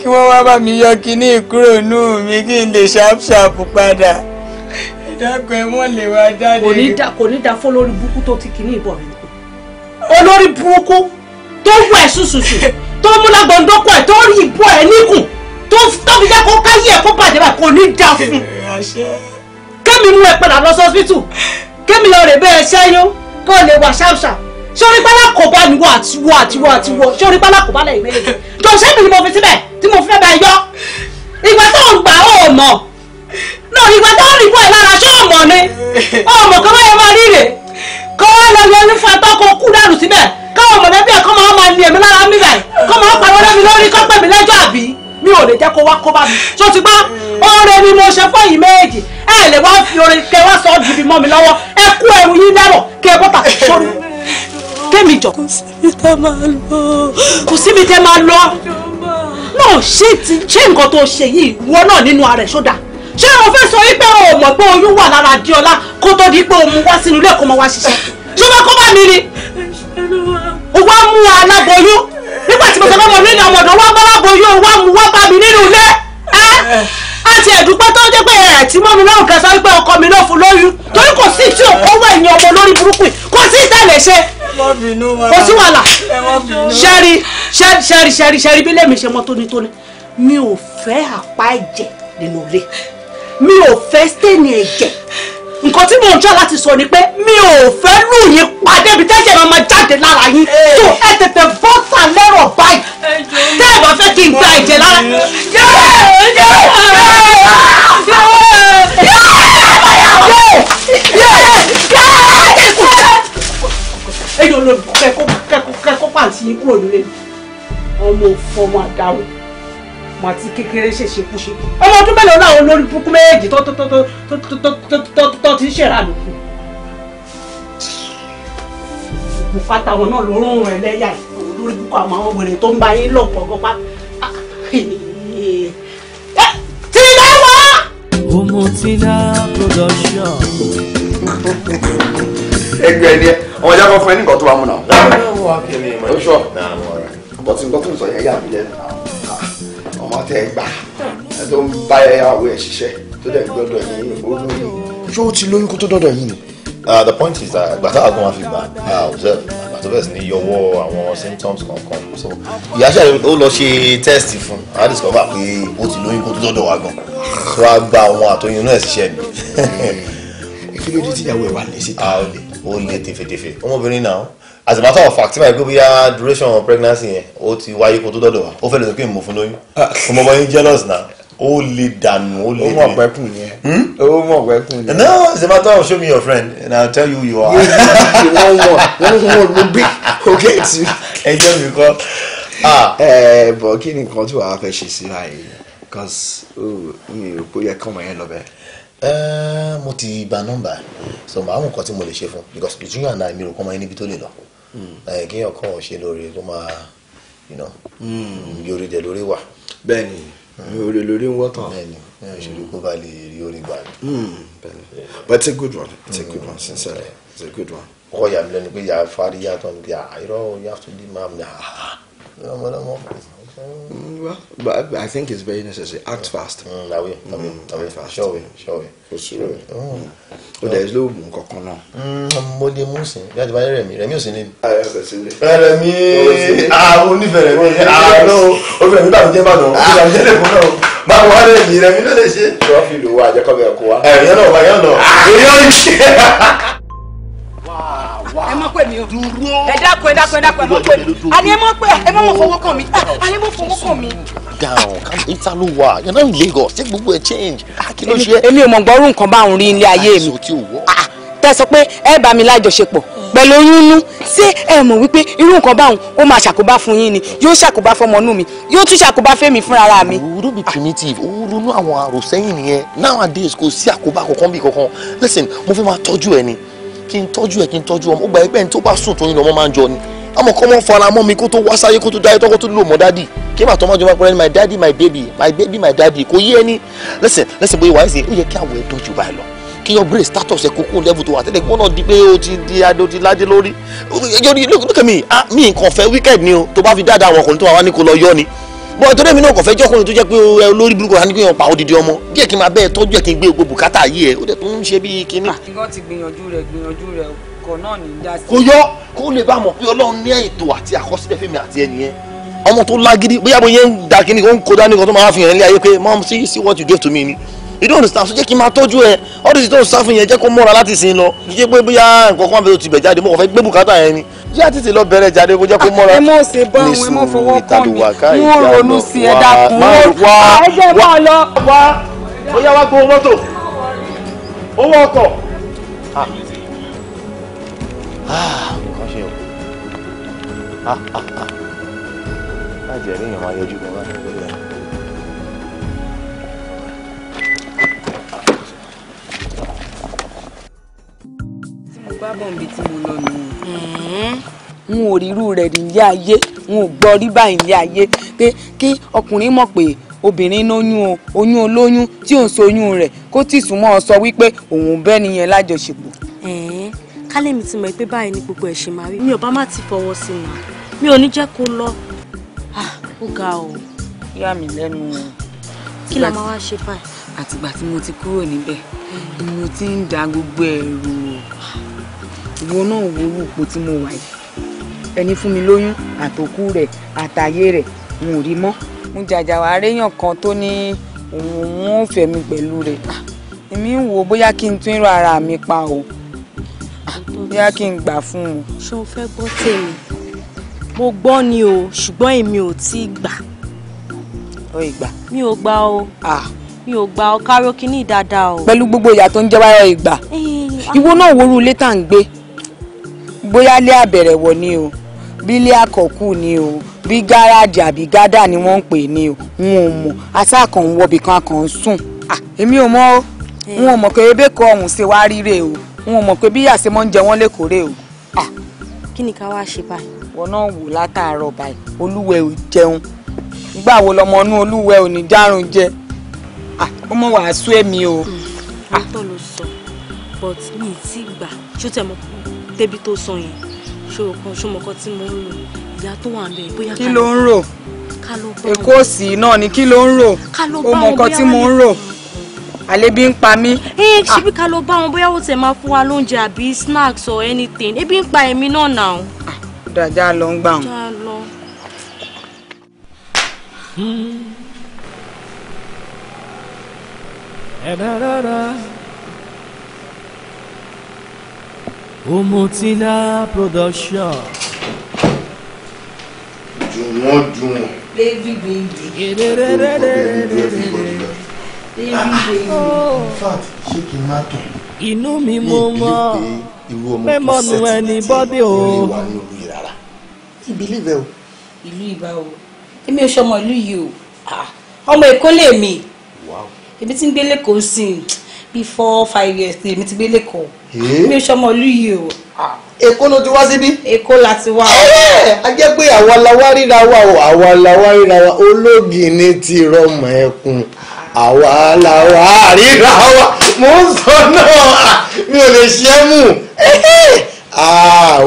kí wọ́n wá bá mi yọ kíní kúrò nù mí kí n lè ṣàpṣàpù padà ẹ dákun ẹ mọ̀ lè wá jáde. kò ní da kò ní da fún olórí burúkú tó ti kíní ìbọn rẹ olórí burúkú tó wù ẹ ṣùṣùṣù tó mú lágbọ̀ndókò ayé ẹ kó bàjẹ́ báyìí kò ní dáa fún kémi mú ẹ padà lọ sí hospital kémi lọ rè bẹ́ẹ̀ ṣẹ́yún kó lè wà ṣáṣà sórí pálá kò bá ní wọ àtiwọ àtiwọ àtiwọ sórí pálá kò bá lẹ́yìn méjèèjì tó sẹ́mi ni mo fi síbẹ̀ tí mo fi fẹ́ bẹ yọ ìgbà tó ń gbà ó mọ̀ náà ìgbà tó ń rìn fún ẹ lára ṣé ó mọ̀ ni ó mọ̀ kó báyọ̀ máa ríre kó wá lọ yọ ní fatọ́ kó kú dànù síbẹ̀ káwọn mọ̀lẹ́bí ẹ̀ kọ́ máa máa ní ẹ̀mí lára mi bẹ̀ kọ́ máa pariwo lẹ́mi lórí kọ́ pẹ̀mí lẹ́jọ́ àbí mi ò lè jẹ́ kó wá kó bá mi tó ti gbọ́ oore ni mo ṣe fún yìí méjì ẹ lè wá fi oore kẹ wá sọ gidi mọ́ mi lọ́wọ́ ẹ kú ẹrù yín lẹ́rọ̀ kẹ bọ́tà sórí kémi jọ. kò síbi tẹ́ máa lọ. kò síbi tẹ́ máa lọ. náà ṣé ti ṣé nǹkan tó ṣe yìí wọ náà nínú ara ẹ̀ ṣódà ṣé o fẹ́ sọ wípé o mọ̀ pé oyún wà lára Adéọlá kó tó di pé o mú wá sínú ilé ẹ̀kọ́ mọ́ wá ṣiṣẹ́ ṣé nígbà tí mo sọ fún ọmọ mi ní ọmọ ọ̀dọ́ wá bá wá boyún wá mu wá bá mi nínú ilé àti ẹ̀dúpẹ́ tó jẹ́ pé ẹ̀ tí mọ́ mi lọ́rùn kan sọ wípé ọkọ mi ló fún lóyún torí kò sí tí òkú wẹ̀ ní ọmọ lórí burúkú kò sí ìtẹ̀lẹ̀ ṣe kò sí wàhálà ṣẹ́rí ṣẹ́rí ṣẹ́rí ṣẹ́rí bí lèmi ṣe mọ́ tónítóní mi ò fẹ́ àpá ẹ̀jẹ̀ nínú ilé mi ò fẹ́ stéènì ẹ̀jẹ̀ nǹkan tí mò ń tọ́ láti sọ ni pé mi ò fẹ́ lù yín pàdé ibi tẹ́sẹ̀ máa máa jáde lára yín tó ẹ tètè bọ́tà lẹ́rọ̀ báyìí tẹ́ ẹ bá fẹ́ kí n gba ẹ̀jẹ̀ lára. èyí lọ kẹ́kọ̀ọ́ pàǹtí yín kúrò nílé ọmọ fọmọ àdáwọ̀ màá ti kékeré ṣèṣe kúṣe ọmọ ọdún mélòó làwọn olórí burúkú méjèèjì tó ti ṣèrànù bùkátà wọn náà ló rún rẹ lẹ́yà olórí burúkú àwọn àwọn wèrè tó ń bá yín lọ pọ̀ gọ́pá. Ah, eh, tìlẹ́wà. Omotila production. ẹgbẹ́ ni ẹ ọmọ ìjà fún ẹ ní nǹkan tó bá mú náà. ó ṣọ bọ́tí nǹkan tó ń sọ yẹn yà mí lẹ́nu ọmọ tẹ gbà tó ń bá ẹyàwó ẹ ṣiṣẹ́ tó dẹ̀ gbọ́dọ̀ yín olórí. ṣé o ti lóyún kó tó dọ̀dọ̀ yín ni. Uh, the point is that gbàtà àgbọn wa fi gbà uh, observe àti bẹ́ẹ̀ sì ni yọwọ́ àwọn symptoms kankan so ìyá ṣe ó lọ ṣe test fún a discover pé ó ti lóyún kó tó dọ̀dọ̀ wa gan so a gba àwọn àtọyún náà ṣiṣẹ́ mi. kí ló dé ẹ wà ní ah, ó lè tẹfẹtẹfẹ ọmọbìnrin náà as a matter of fact my màá gbé bóyá duration pregnancy yẹn ó ti wáyé kó tó dọ́dọ̀ wa ó fẹ́ lè sọ pé mo fún lóyún ọmọ bọ́ jealous na ó lè dànù ó lè ní. ó mọ̀ pẹ́kùn ni ẹ. Hmm? ó mọ̀ pẹ́kùn ni ẹ. no as a matter of show me your friend and i will tell you who you are. yéé ti wọ́n mọ̀ wọ́n mọ̀ ló gbé òkè tì. ẹjọ́ mi kọ́. Ah. ẹ bọ̀ kí ni nǹkan tí wàá fẹ́ ṣe sí báyìí because oh, mi ò pé yẹ kọ́mọ yẹn lọ bẹ́ẹ̀ mo ti gba nọ́mbà so màá mú nǹkan tí mo lè ṣe fún because between you and I mi ò kọ́ ọmọ yẹn níbi tó lè lọ kéèyàn kàn ṣe lóore kó máa yorì hmm. dẹ̀ lórí wà. bẹ́ẹ̀ni yorì hmm. lórí ń wọ́tàn. bẹ́ẹ̀ni ṣèlú kó bá lè rí orí gbà ní. Hmm, but it's a good one it's a good one sincerely it's a good one. ọkọ yà mí lẹ́nu pé yà á fárí yàtọ̀ níbi àìrọ̀ ah, you have to leave my house. Ah, ah, Mm, well, but I, I think it's very necessary. Act fast. Mm, I will. I Mm, I will. Fast. Sure will. Sure will. For sure. Oh. Oh, there is no mm. oògùn kankan náà. Mm, mo lè mú sí. Bí a ti bá yẹ Rẹ̀mí, Rẹ̀mí ò sí lé. Ayọ̀ ẹ̀fẹ̀ sí lé. Eh, Rẹ̀mí àwọn onífẹ̀ẹ́ Rẹ̀mí àánú ah, obìnrin ah, mi báwo jẹ́ bá dùn òkúta mi tẹ́lẹ̀ fún Báwo wá Rẹ̀mí Rẹ̀mí ló lè ṣe. Wọ́n fi lò wá àjẹkọ́ bẹ̀rẹ̀ kó wa. Eh, Ẹ̀rìn náà wà yẹn náà. Àyọ̀ ah! ìṣe mọ̀ pé mi o. dúró ẹ dákun ẹ dákun ẹ dákun ẹ mọ̀ pé mi. àní ẹ mọ̀ pé ẹ mọ̀ fọwọ́ kàn mí àní ẹ mọ̀ fọwọ́ kàn mí. down calm ita ló wà you're not in Lagos take gbogbo ẹ change ah, kí ló ṣe. èmi ò mọ̀ gbọ́rú nǹkan bá òun rí ilé ayé mi ah, tẹ sọ pé ẹ bá mi lájọṣepọ̀ pẹ̀lú oyún inú ṣé ẹ mọ̀ wípé irú nǹkan báwọn ó máa ṣàkóbá fún yín ni yóò ṣàkóbá fọmọ inú mi yóò tún ṣàkóbá fẹ́mi fúnra mi. we don't be primitive ó ronú àwọn àròsẹ́yìn nìyẹn nowadays kò sí àkóbá kankan bí kankan listen mo fẹ́ máa tọ́jú ẹ ni kí n tọ́jú ẹ̀ kí n tọ́jú ọmọ ó gbà pé ẹni tó bá sùn tó ní lọ́mọ máa ń jọ ni àmọ́ kọ́ mọ́ fara mọ́ mi kó tó wá sáyé kó tó dáyé tọ́kọ́ tó lò mọ́ dádì kí màá tọ́ máa jọ máa pẹ́rẹ́ ní my daddy my baby my baby my daddy kò yé ẹni lẹ́sẹ̀ lẹ́sẹ̀ bóyá wàá ṣe ó yẹ kí àwọ̀ ẹ̀ dùn jù báyìí lọ kí your brain status ẹ̀ kókó level tó wà tẹ́lẹ̀ kó náà di pé o ti di adé o ti lájẹ́ lórí yọrí look at me ah mi nǹkan fẹ́ wicked ni o tó bá fi dáadáa àwọn ọkùnrin tó wà wá ní kó lọ yọ ni bọ́ ìtọ́jú èmi náà kò fẹ́ jọ́kùnrin tó jẹ́ pé olórí burúkú rà ní kí n pa odidi ọmọ díẹ̀ kí bẹ́ẹ̀ tọ́jú ẹ̀ kí n gbé gbogbo bùkátà yìí ẹ̀ ó dẹ̀ tún ń ṣe bí kinní. ìgbọ́n ti gbìyànjú rẹ̀ gbìyànjú rẹ̀ kọ̀ náà ní í sí. kò yọ kó lè bá mọ̀ pé ọlọ́run ní ètò àti àkọsílẹ̀ fèmí àti ẹnìyẹn ọmọ tó lágídí bóyá bóyá ń da kinní kó ń kó dání you gave to me ni you don't understand so jẹ́ kí n máa tọ́jú ẹ all this tó ń sáfù yẹn jẹ́ kó mọ́ra láti sìn lọ kí pé bóyá nǹkan kan bẹ̀rẹ̀ ti bẹ̀ jáde mo kàn fẹ́ gbé bùkátà yẹn ni jẹ́ àtìtì lọ bẹ̀rẹ̀ jáde kó jẹ́ kó mọ́ra ẹ mọ̀ ṣe bọ́ òun ẹ mọ̀ fọwọ́ kàn bá ọ lọ. wá ó yá wá gbowó mọ́tò owó ọkọ̀ nǹkan ah, ṣe o láì jẹ́ ríyàn máa yọjú bẹ́ẹ̀ bá ní ìgbéyàwó. bá bọ̀ níbi tí mo lọ nù. n ò rírú rẹ̀ nílé ayé n ò gbọ́ rí báyìí nílé ayé pé kí ọkùnrin mọ̀ pé obìnrin lóyún o oyún olóyún tí ò ń soyún rẹ̀ kó tì súnmọ́ ọ sọ wípé òun bẹ́ẹ̀ nìyẹn lájọṣepọ̀. kálẹ̀mí ti mọ̀ pé báyìí ni gbogbo ẹ̀ ṣe máa rí mi ò bá má ti fọwọ́ sí i mà mi ò ní jẹ́ kó lọ ó ga o. yà mí lẹ́nu. kí la máa wá ṣe báyìí. àtìgbà tí mo ti kúrò níbẹ̀ ni mo ti ń da gbogbo ẹ̀rù o ìwọ náà wo orúkọ tí mo wà yìí ẹni fún mi lóyún àtòkù rẹ̀ àtàyè rẹ̀ n ò rí mọ́ mo jàjà wàá réyàn kan tó ní òun ò fẹ̀mí pẹ̀lú rẹ̀ ah, èmi ń wo bóyá kí n tún irú ara mi pa o ah, bóyá kí n gbà fún un. ṣé o fẹ́ gbọ́ tèmi mo gbọ́ ni o ṣùgbọ́n èmi ò tí ì gbà. ọ ìgbà. mi ò gbà o. ah mi ò gba ọkáró kínní dáadáa o. pẹ̀lú gbogbo ìyà tó ń jẹ́ wáyọ̀ ìgbà. Eh, ìwọ náà wo irú ilé tá à ń gbé bóyá ilé àbẹ̀rẹ̀wọ̀ ni o bí ilé àkọ́kù ni o bí gáràjì àbí gádà ni wọ́n ń pè ní o n ò mọ̀ àtàkàn ń wọbì kan kàn ń sùn èmi ò mọ̀ o n ò mọ̀ pé ebéko ọ̀hún ṣe wá ríre o n ò mọ̀ pé bí àṣẹ mọ́ ń jẹ wọ́n lẹ́kọ̀ọ́rẹ́ o. kí ni ká wá ṣe báyìí. wọn náà wò látàárọ̀ báyìí olúwẹ ò jẹun nígbà wo lọmọ inú olúwẹ ò ní dárun jẹ ó mọ wàásù ẹ̀mí o. mo hmm. tọ́ ló sọ but mi ì tí gbà ṣó tẹ̀ mọ́ débi tó sọ yẹn ṣòmọ̀kan tí mo ń rò ìyá tó wà níbẹ̀ bóyá kí ló ń rò èkó sì náà ni kí ló ń rò ó mọ nǹkan tí mo ń rò àlébi ń pa mí. ẹ ah. ṣíbí ká lọ bá wọn bóyá ó tẹ máa fún wa lóúnjẹ àbí snacks or anything ebi ń pa èmi náà nà ah, ó. dàjà lọ ń gbà wọn. da da Omotila production. Jùwọ́n jùwọ́n. Everybody. Fat ṣé kí n má tọ̀? Inú mi mo mọ mẹ́mọ́ nu ẹni bọ́dé o. Ìbílíbẹ̀ o. Ìlú ìbá o. Èmi ò ṣọmọ ìlú yìí o. Ah, ọmọ Èkó lèmi. Èmi ti ń gbélé kò sí i. Before five years ni èmi ti gbé lẹ́kọ̀ọ́ eh? mi ò sọmọ ìlú yìí o. Ah. èkó ló ti wá síbí. èkó la ti wá. Eh, a jẹ́ pé àwa la wá ríra wa o àwa la wá ríra wa olóògì ni ti rọmọ ẹkùn àwa la wá ríra wa mò ń sọ náà mi ò lè ṣe é mú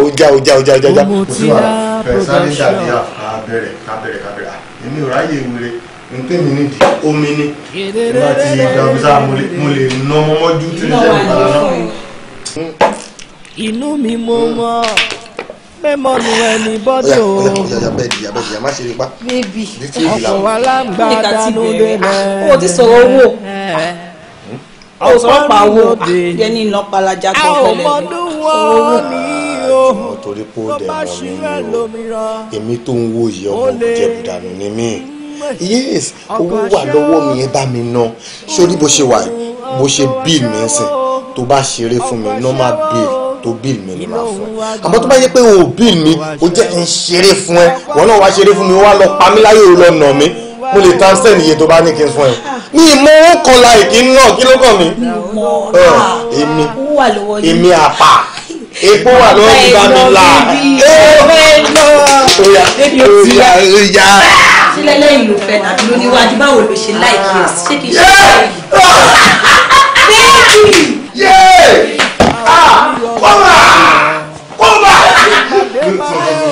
ọjà ọjà ọjà ọjà. gbogbo tí a production. fẹsán ní dàbí àbẹ̀rẹ̀ kábẹ̀rẹ̀ kábẹ̀rẹ̀ èmi ò ráyè wúre ntẹ́mi ní di omi ní nígbà tí ìdàgbàsá mo lè nà ọmọ mọ́jú tí ní sẹ́yìn padà náà. inú mi mo mọ mẹ́mọ́nù ẹni bọ́tò. abẹ́dì abẹ́dì àmà ṣe ipá. bébì ọkọ̀ wa lágbá dánú délẹ̀. owó ti sọ̀rọ̀ owó ọ̀sán pa owó yẹni lọ palaja tó fẹ́lẹ́ owó torí pé ó dẹ̀ mọ́ mi ni o èmi tó ń wo yìí ọmọ òkú jẹ̀bùdànù ni mí yes owó wà lọ́wọ́ mi ẹ bá mi ná sórí bó ṣe wà bó ṣe bíl mi ẹsẹ̀ tó bá ṣeré fún mi normal bíl tó bíl mi ni máa fún ẹ àmọ́ tó bá yẹ pé o bíl mi o jẹ́ kí n ṣeré fún ẹ wọn náà wá ṣeré fún mi wá lọ pa mí láyé o lọ nà mí mo lè tan sẹ́ẹ̀ níye tó bá ní kí n fún ẹ mi mọ owó kan láì kí n kí ló kàn mí èmi èmi àpà epo wà lọ́wọ́ mi bá mi là ó ó yà ó yà lẹ́lẹ́yìn ló fẹ́ tàbí ló níwájú báwo ló ṣe láìkí ẹ̀ ṣé kìí ṣe bẹ́ẹ̀ni. yéè ah kọ́mà kọ́mà.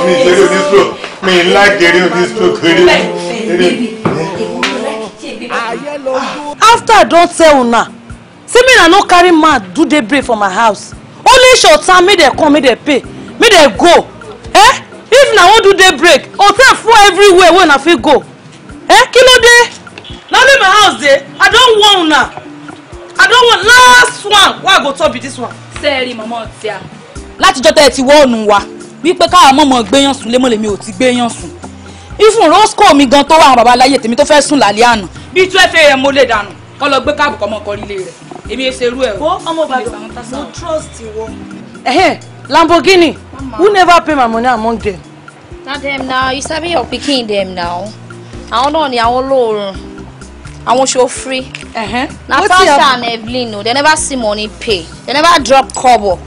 mi ìṣeré oníṣòro mi ìlágẹ̀rẹ̀ oníṣòro kiri. after i don tell una say make i no carry man do day break for my house only short time make dem come make dem pay make dem go. Eh? if na wan do day break hotel full everywhere wey una fit go eh kí ló dé na only my house dey i don warn una i don warn last one wey i go talk be this one. sẹ́ẹ̀rì mọ̀mọ́ tíá látijọ́ tẹ́ ẹ ti wọ́ ọ̀nù wa wípé káwọn mọ̀mọ́ gbéyàn sùn lémọ̀lẹ́mi ò ti gbéyàn sùn ifun rosco mi gan tó wà àwọn baba láyé tèmi tó fẹ́ sùn lálẹ́ àná bíi twelve am mo lè dànù kọ́ lọ gbé káàbù kọ́mọ kọ́ ilé rẹ̀ èmi ẹ ṣe irú ẹ̀ o. wo ọmọ ìbàdàn mo trust you. ẹhẹ Lamborghini who never pay my money among them na dem na you sabi your pikin dem uh-huh. na àwọn náà ni àwọn olóòórùn àwọn ṣòfrí na Fasha and Evelyn o they never see money pay they never drop kobo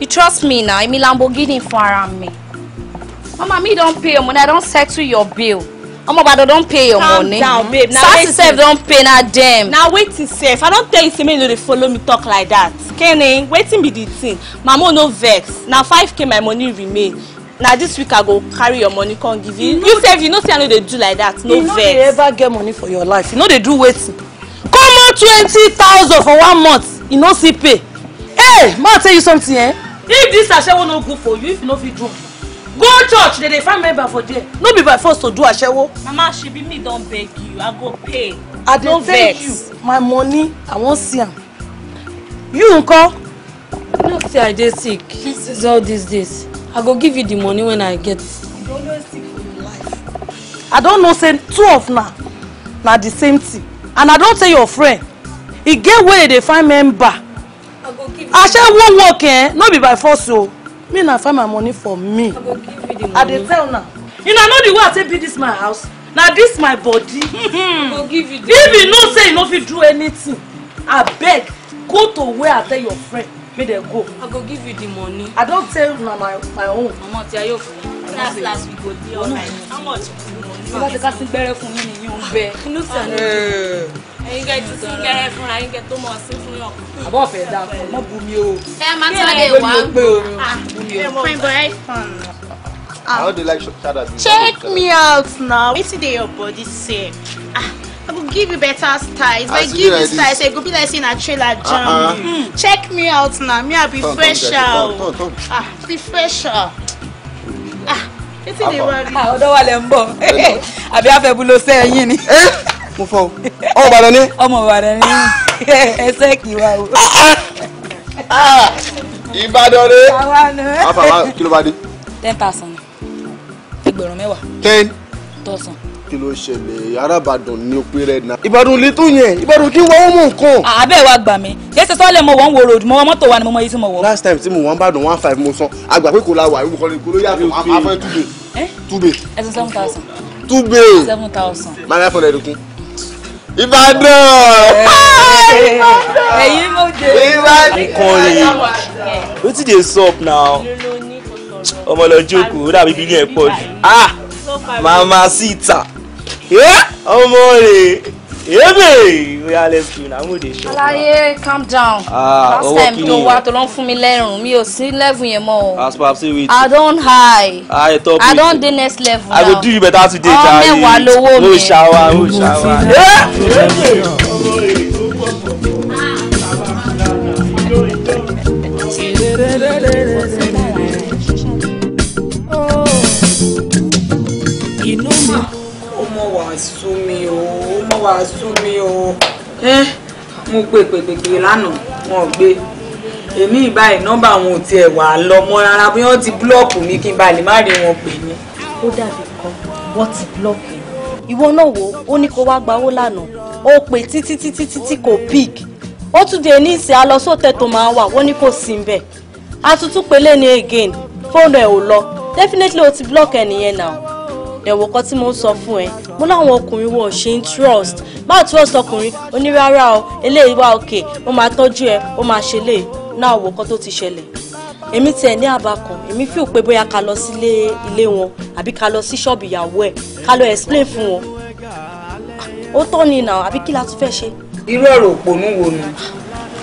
you trust me na èmi Lamborghini fún ara mi mama me don pay your money i don settle your bill omobado don pay your money calm down babe na wetin sars sef don pay na dem na wetin sef i don tell you say make you no dey follow me talk like that kenny wetin be the thing mama no vex na 5k my money remain na this week i go carry your money come give you you sef you know say i no dey do like that. no vex you no dey ever get money for your life you no dey do wetin come out twenty thousand for one month you no see pay hey ma tell you something eh if this asewo no good for you if you no fit do go church dey dey find member for there no be by force to do asewo. mama shebi me don beg you i go pay i dey no vex you my money i wan see am you nko you know say i dey sick since all these days i go give you the money when i get you don always life i don't know say two of now. Now the same thing and i don't tell your friend He get where e dey find member ase won work eh Not be by force o oh. me na find my money for me i go give you the money. I tell now. You know the way i say. this my house Now this my body [laughs] I go if you know say you no fit do anything I beg. go to where i tell your friend make dem go i go give you the money i don't tell you na my my own mama ti ayo fun last last we go dey alright how much you want to cast gbẹrẹ fún mi ni yóò bẹ inú sẹni ẹyin kẹ ti sún gbẹrẹ see ra ẹyin kẹ tó mọ sí fún yàn. àbọ̀ fẹ́ dà fún mọ́ bu mi o. ẹ máa tún lè wá bu mi o. fine ah. boy How do you like don't like shadow. Check me out now. Wetin dey your body say? Ah, I will give you better styles. I give you styles, so it could be like seeing a trailer ah, jam. Ah, ah. hmm, check me out now. Me, I'll be fresher. Ah, be fresher. Ah, it's in the world. Ah, ọ̀dọ̀ wa lẹ ń bọ̀. Àbí afẹ́ bu ló sẹ́ ẹyin ni. [laughs] Eh? Mo fọ ọmọ Ìbàdàn ni. Ọmọ Ìbàdàn ni. [laughs] Ẹsẹ̀ kì í wá o. Ìbàdàn ni. Àwa kí ló bá dé? Ten thousand. Ẹgbẹ̀rún mẹ́wàá. Ten. Tọ̀sán kí ló ṣẹlẹ̀ arábàdàn ni ó pé rẹ̀ ìbàdàn lè tó yẹn ìbàdàn kí wọ́n mú nǹkan. àbẹ̀ wa gbà mí jẹ́sẹ̀ sọ́ọ́lẹ̀ mo wọ́n wo road mo wọ́n mọ́tò wa ni mo mọ iye tí mo wọ̀. last time tí mo wọ́n bàdàn one five mo san àgbà pé kò la wà ìwúkọ ni kò ló yàtọ̀ afẹ́ túbè. Eh? túbè. ẹsẹ̀ seven thousand. túbè. seven thousand. máa yà fọlẹ̀ dùkún. ìbàdàn. ẹ̀yin mo jẹ. ìbàdàn. ìkànnì wetin dey now ọmọ lọ jókòó dàbí bí ní ẹ pọ̀ jù ah màmá síta ọmọ rẹ̀ ebe oya let's go na mo dey sure. alaye calm down. ah last time you know what? lọ fún mi lẹ́rùn mi You see, level yẹn mọ́ o. as per say i don't high. Ah, i top i don dey next level i will do you better today jare. ọmọ mẹ́wàá lówó oh, mi. Yeah, ṣàwà o ṣàwà. ebe. sú mi o ó mọ̀ wá sú mi o ẹ́ eh, mo pè pèpèpè lánàá wọn ò gbé èmi ìbáyìí nọ́mbà wọn ò tiẹ̀ wà lọ́mọ rárá bí wọ́n ti búlọ́ọ̀kù mi kí n ba lè má rí wọn pè ní. ó dàbí kan wọ́n ti búlọ́ọ̀kù ìwọ náà wò ó ní kó wá gba owó lánàá ó pè títí títí títí kò pig ó tún dé ní ìsìn alọ́sọ̀tẹ̀ tó máa wà wọ́n ní kò sí bẹ́ẹ̀ a tún tún pè lé ní again Phone ẹ̀ ò lọ definitely ó ti búlọ́ọ̀kù ẹ̀ nìyẹn ẹ̀wọ̀ kan tí mo ń sọ fún ẹ mo láwọn ọkùnrin wo ṣe ń trust báwo trust ọkùnrin onírárá o eléyìí wá òkè ó máa tọ́jú ẹ ó máa ṣe lè náà wò kan tó ti ṣẹlẹ̀ èmi tiẹ̀ ní àbá kan èmi feel pé bóyá ká lọ sílé ilé wọn àbí ká lọ sí ṣọ́ọ̀bù ìyàwó ẹ̀ ká lọ explain fún wọn ó tọ́ ni nà àbí kí la tún fẹ́ ṣe. irú ọ̀rọ̀ òpònú wo ni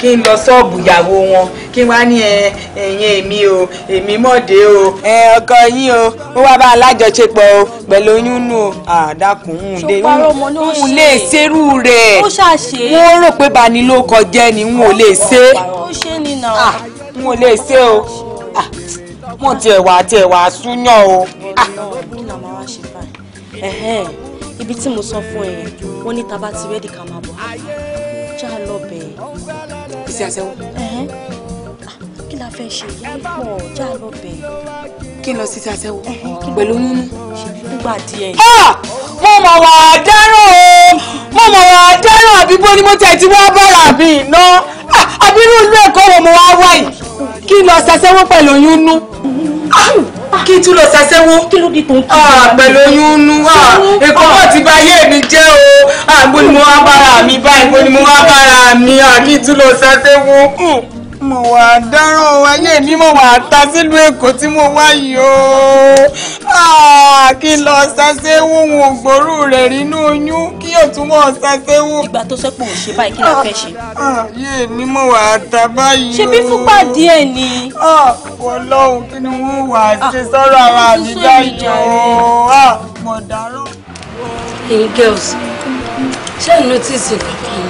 kí n lọ ṣọ́ọ̀bù ìyàwó wọn kí n wá ní ẹ̀yìn èmi o èmi mọ̀dé o. ẹ ọkọ yín o ó wá bá alájọṣepọ̀ o pẹ̀lú oyún nù o àdàkùn ń lè ń lè ṣerú rẹ̀ wọ́n rò pé bani ló kọjá ni n ò lè ṣe n ò lè ṣe o wọn tiẹ̀ wá tiẹ̀ wá súnyàn o. ibi tí mo sọ fún ẹ wọn ní tá bá ti rẹ́dì ká máa lọ bẹ́ẹ̀ ọ́fíìsì aṣẹ́wó. Ah, kí la fẹ́ ṣe yá pọ̀ já lọ bẹ̀. kí n lọ sí ti aṣẹ́wó pẹ̀lú nínú. nígbà díẹ̀. Ah! mo mọ̀ wá dáràn o mo mọ̀ wá dáràn àbí ni mo tẹ̀ tí wọ́n bọ̀rọ̀ àbí iná ah, àbí irú ìlú Èkó wo mo wá wáyìí kí n lọ ṣaṣẹ́wó pẹ̀lú oyún nú kí tún lọ ṣàṣẹ́wó kí ló dé tó ń kí ah, pẹ̀lú oyún nu èkó náà ti bà ayé mi jẹ́ o àgbo ah, ni mo wá bára mi báyìí àgbo ni mo wá bára mi àkí ah, tún lọ ṣàṣẹ́wó. Hmm mo wà dáràn ayé mi mo wà ta sílùú èkó tí mo wá yìí o ah, kí n lọ ṣàṣẹ wúwo ògbóró rẹ nínú oyún kí o tún mọ ṣàṣẹ wú. ìgbà tó sẹ́pọ̀ ò ṣe báyìí kí la fẹ́ ṣe. Ah, ayé mi mo wà ta báyìí o. ṣebí fúnpá díẹ̀ ni. Ah, ọlọ́run kí ni wọ́n wà ṣe sọ́rọ̀ ara mi báyìí o mo dáràn. hey girls ṣé ẹ notice kankan.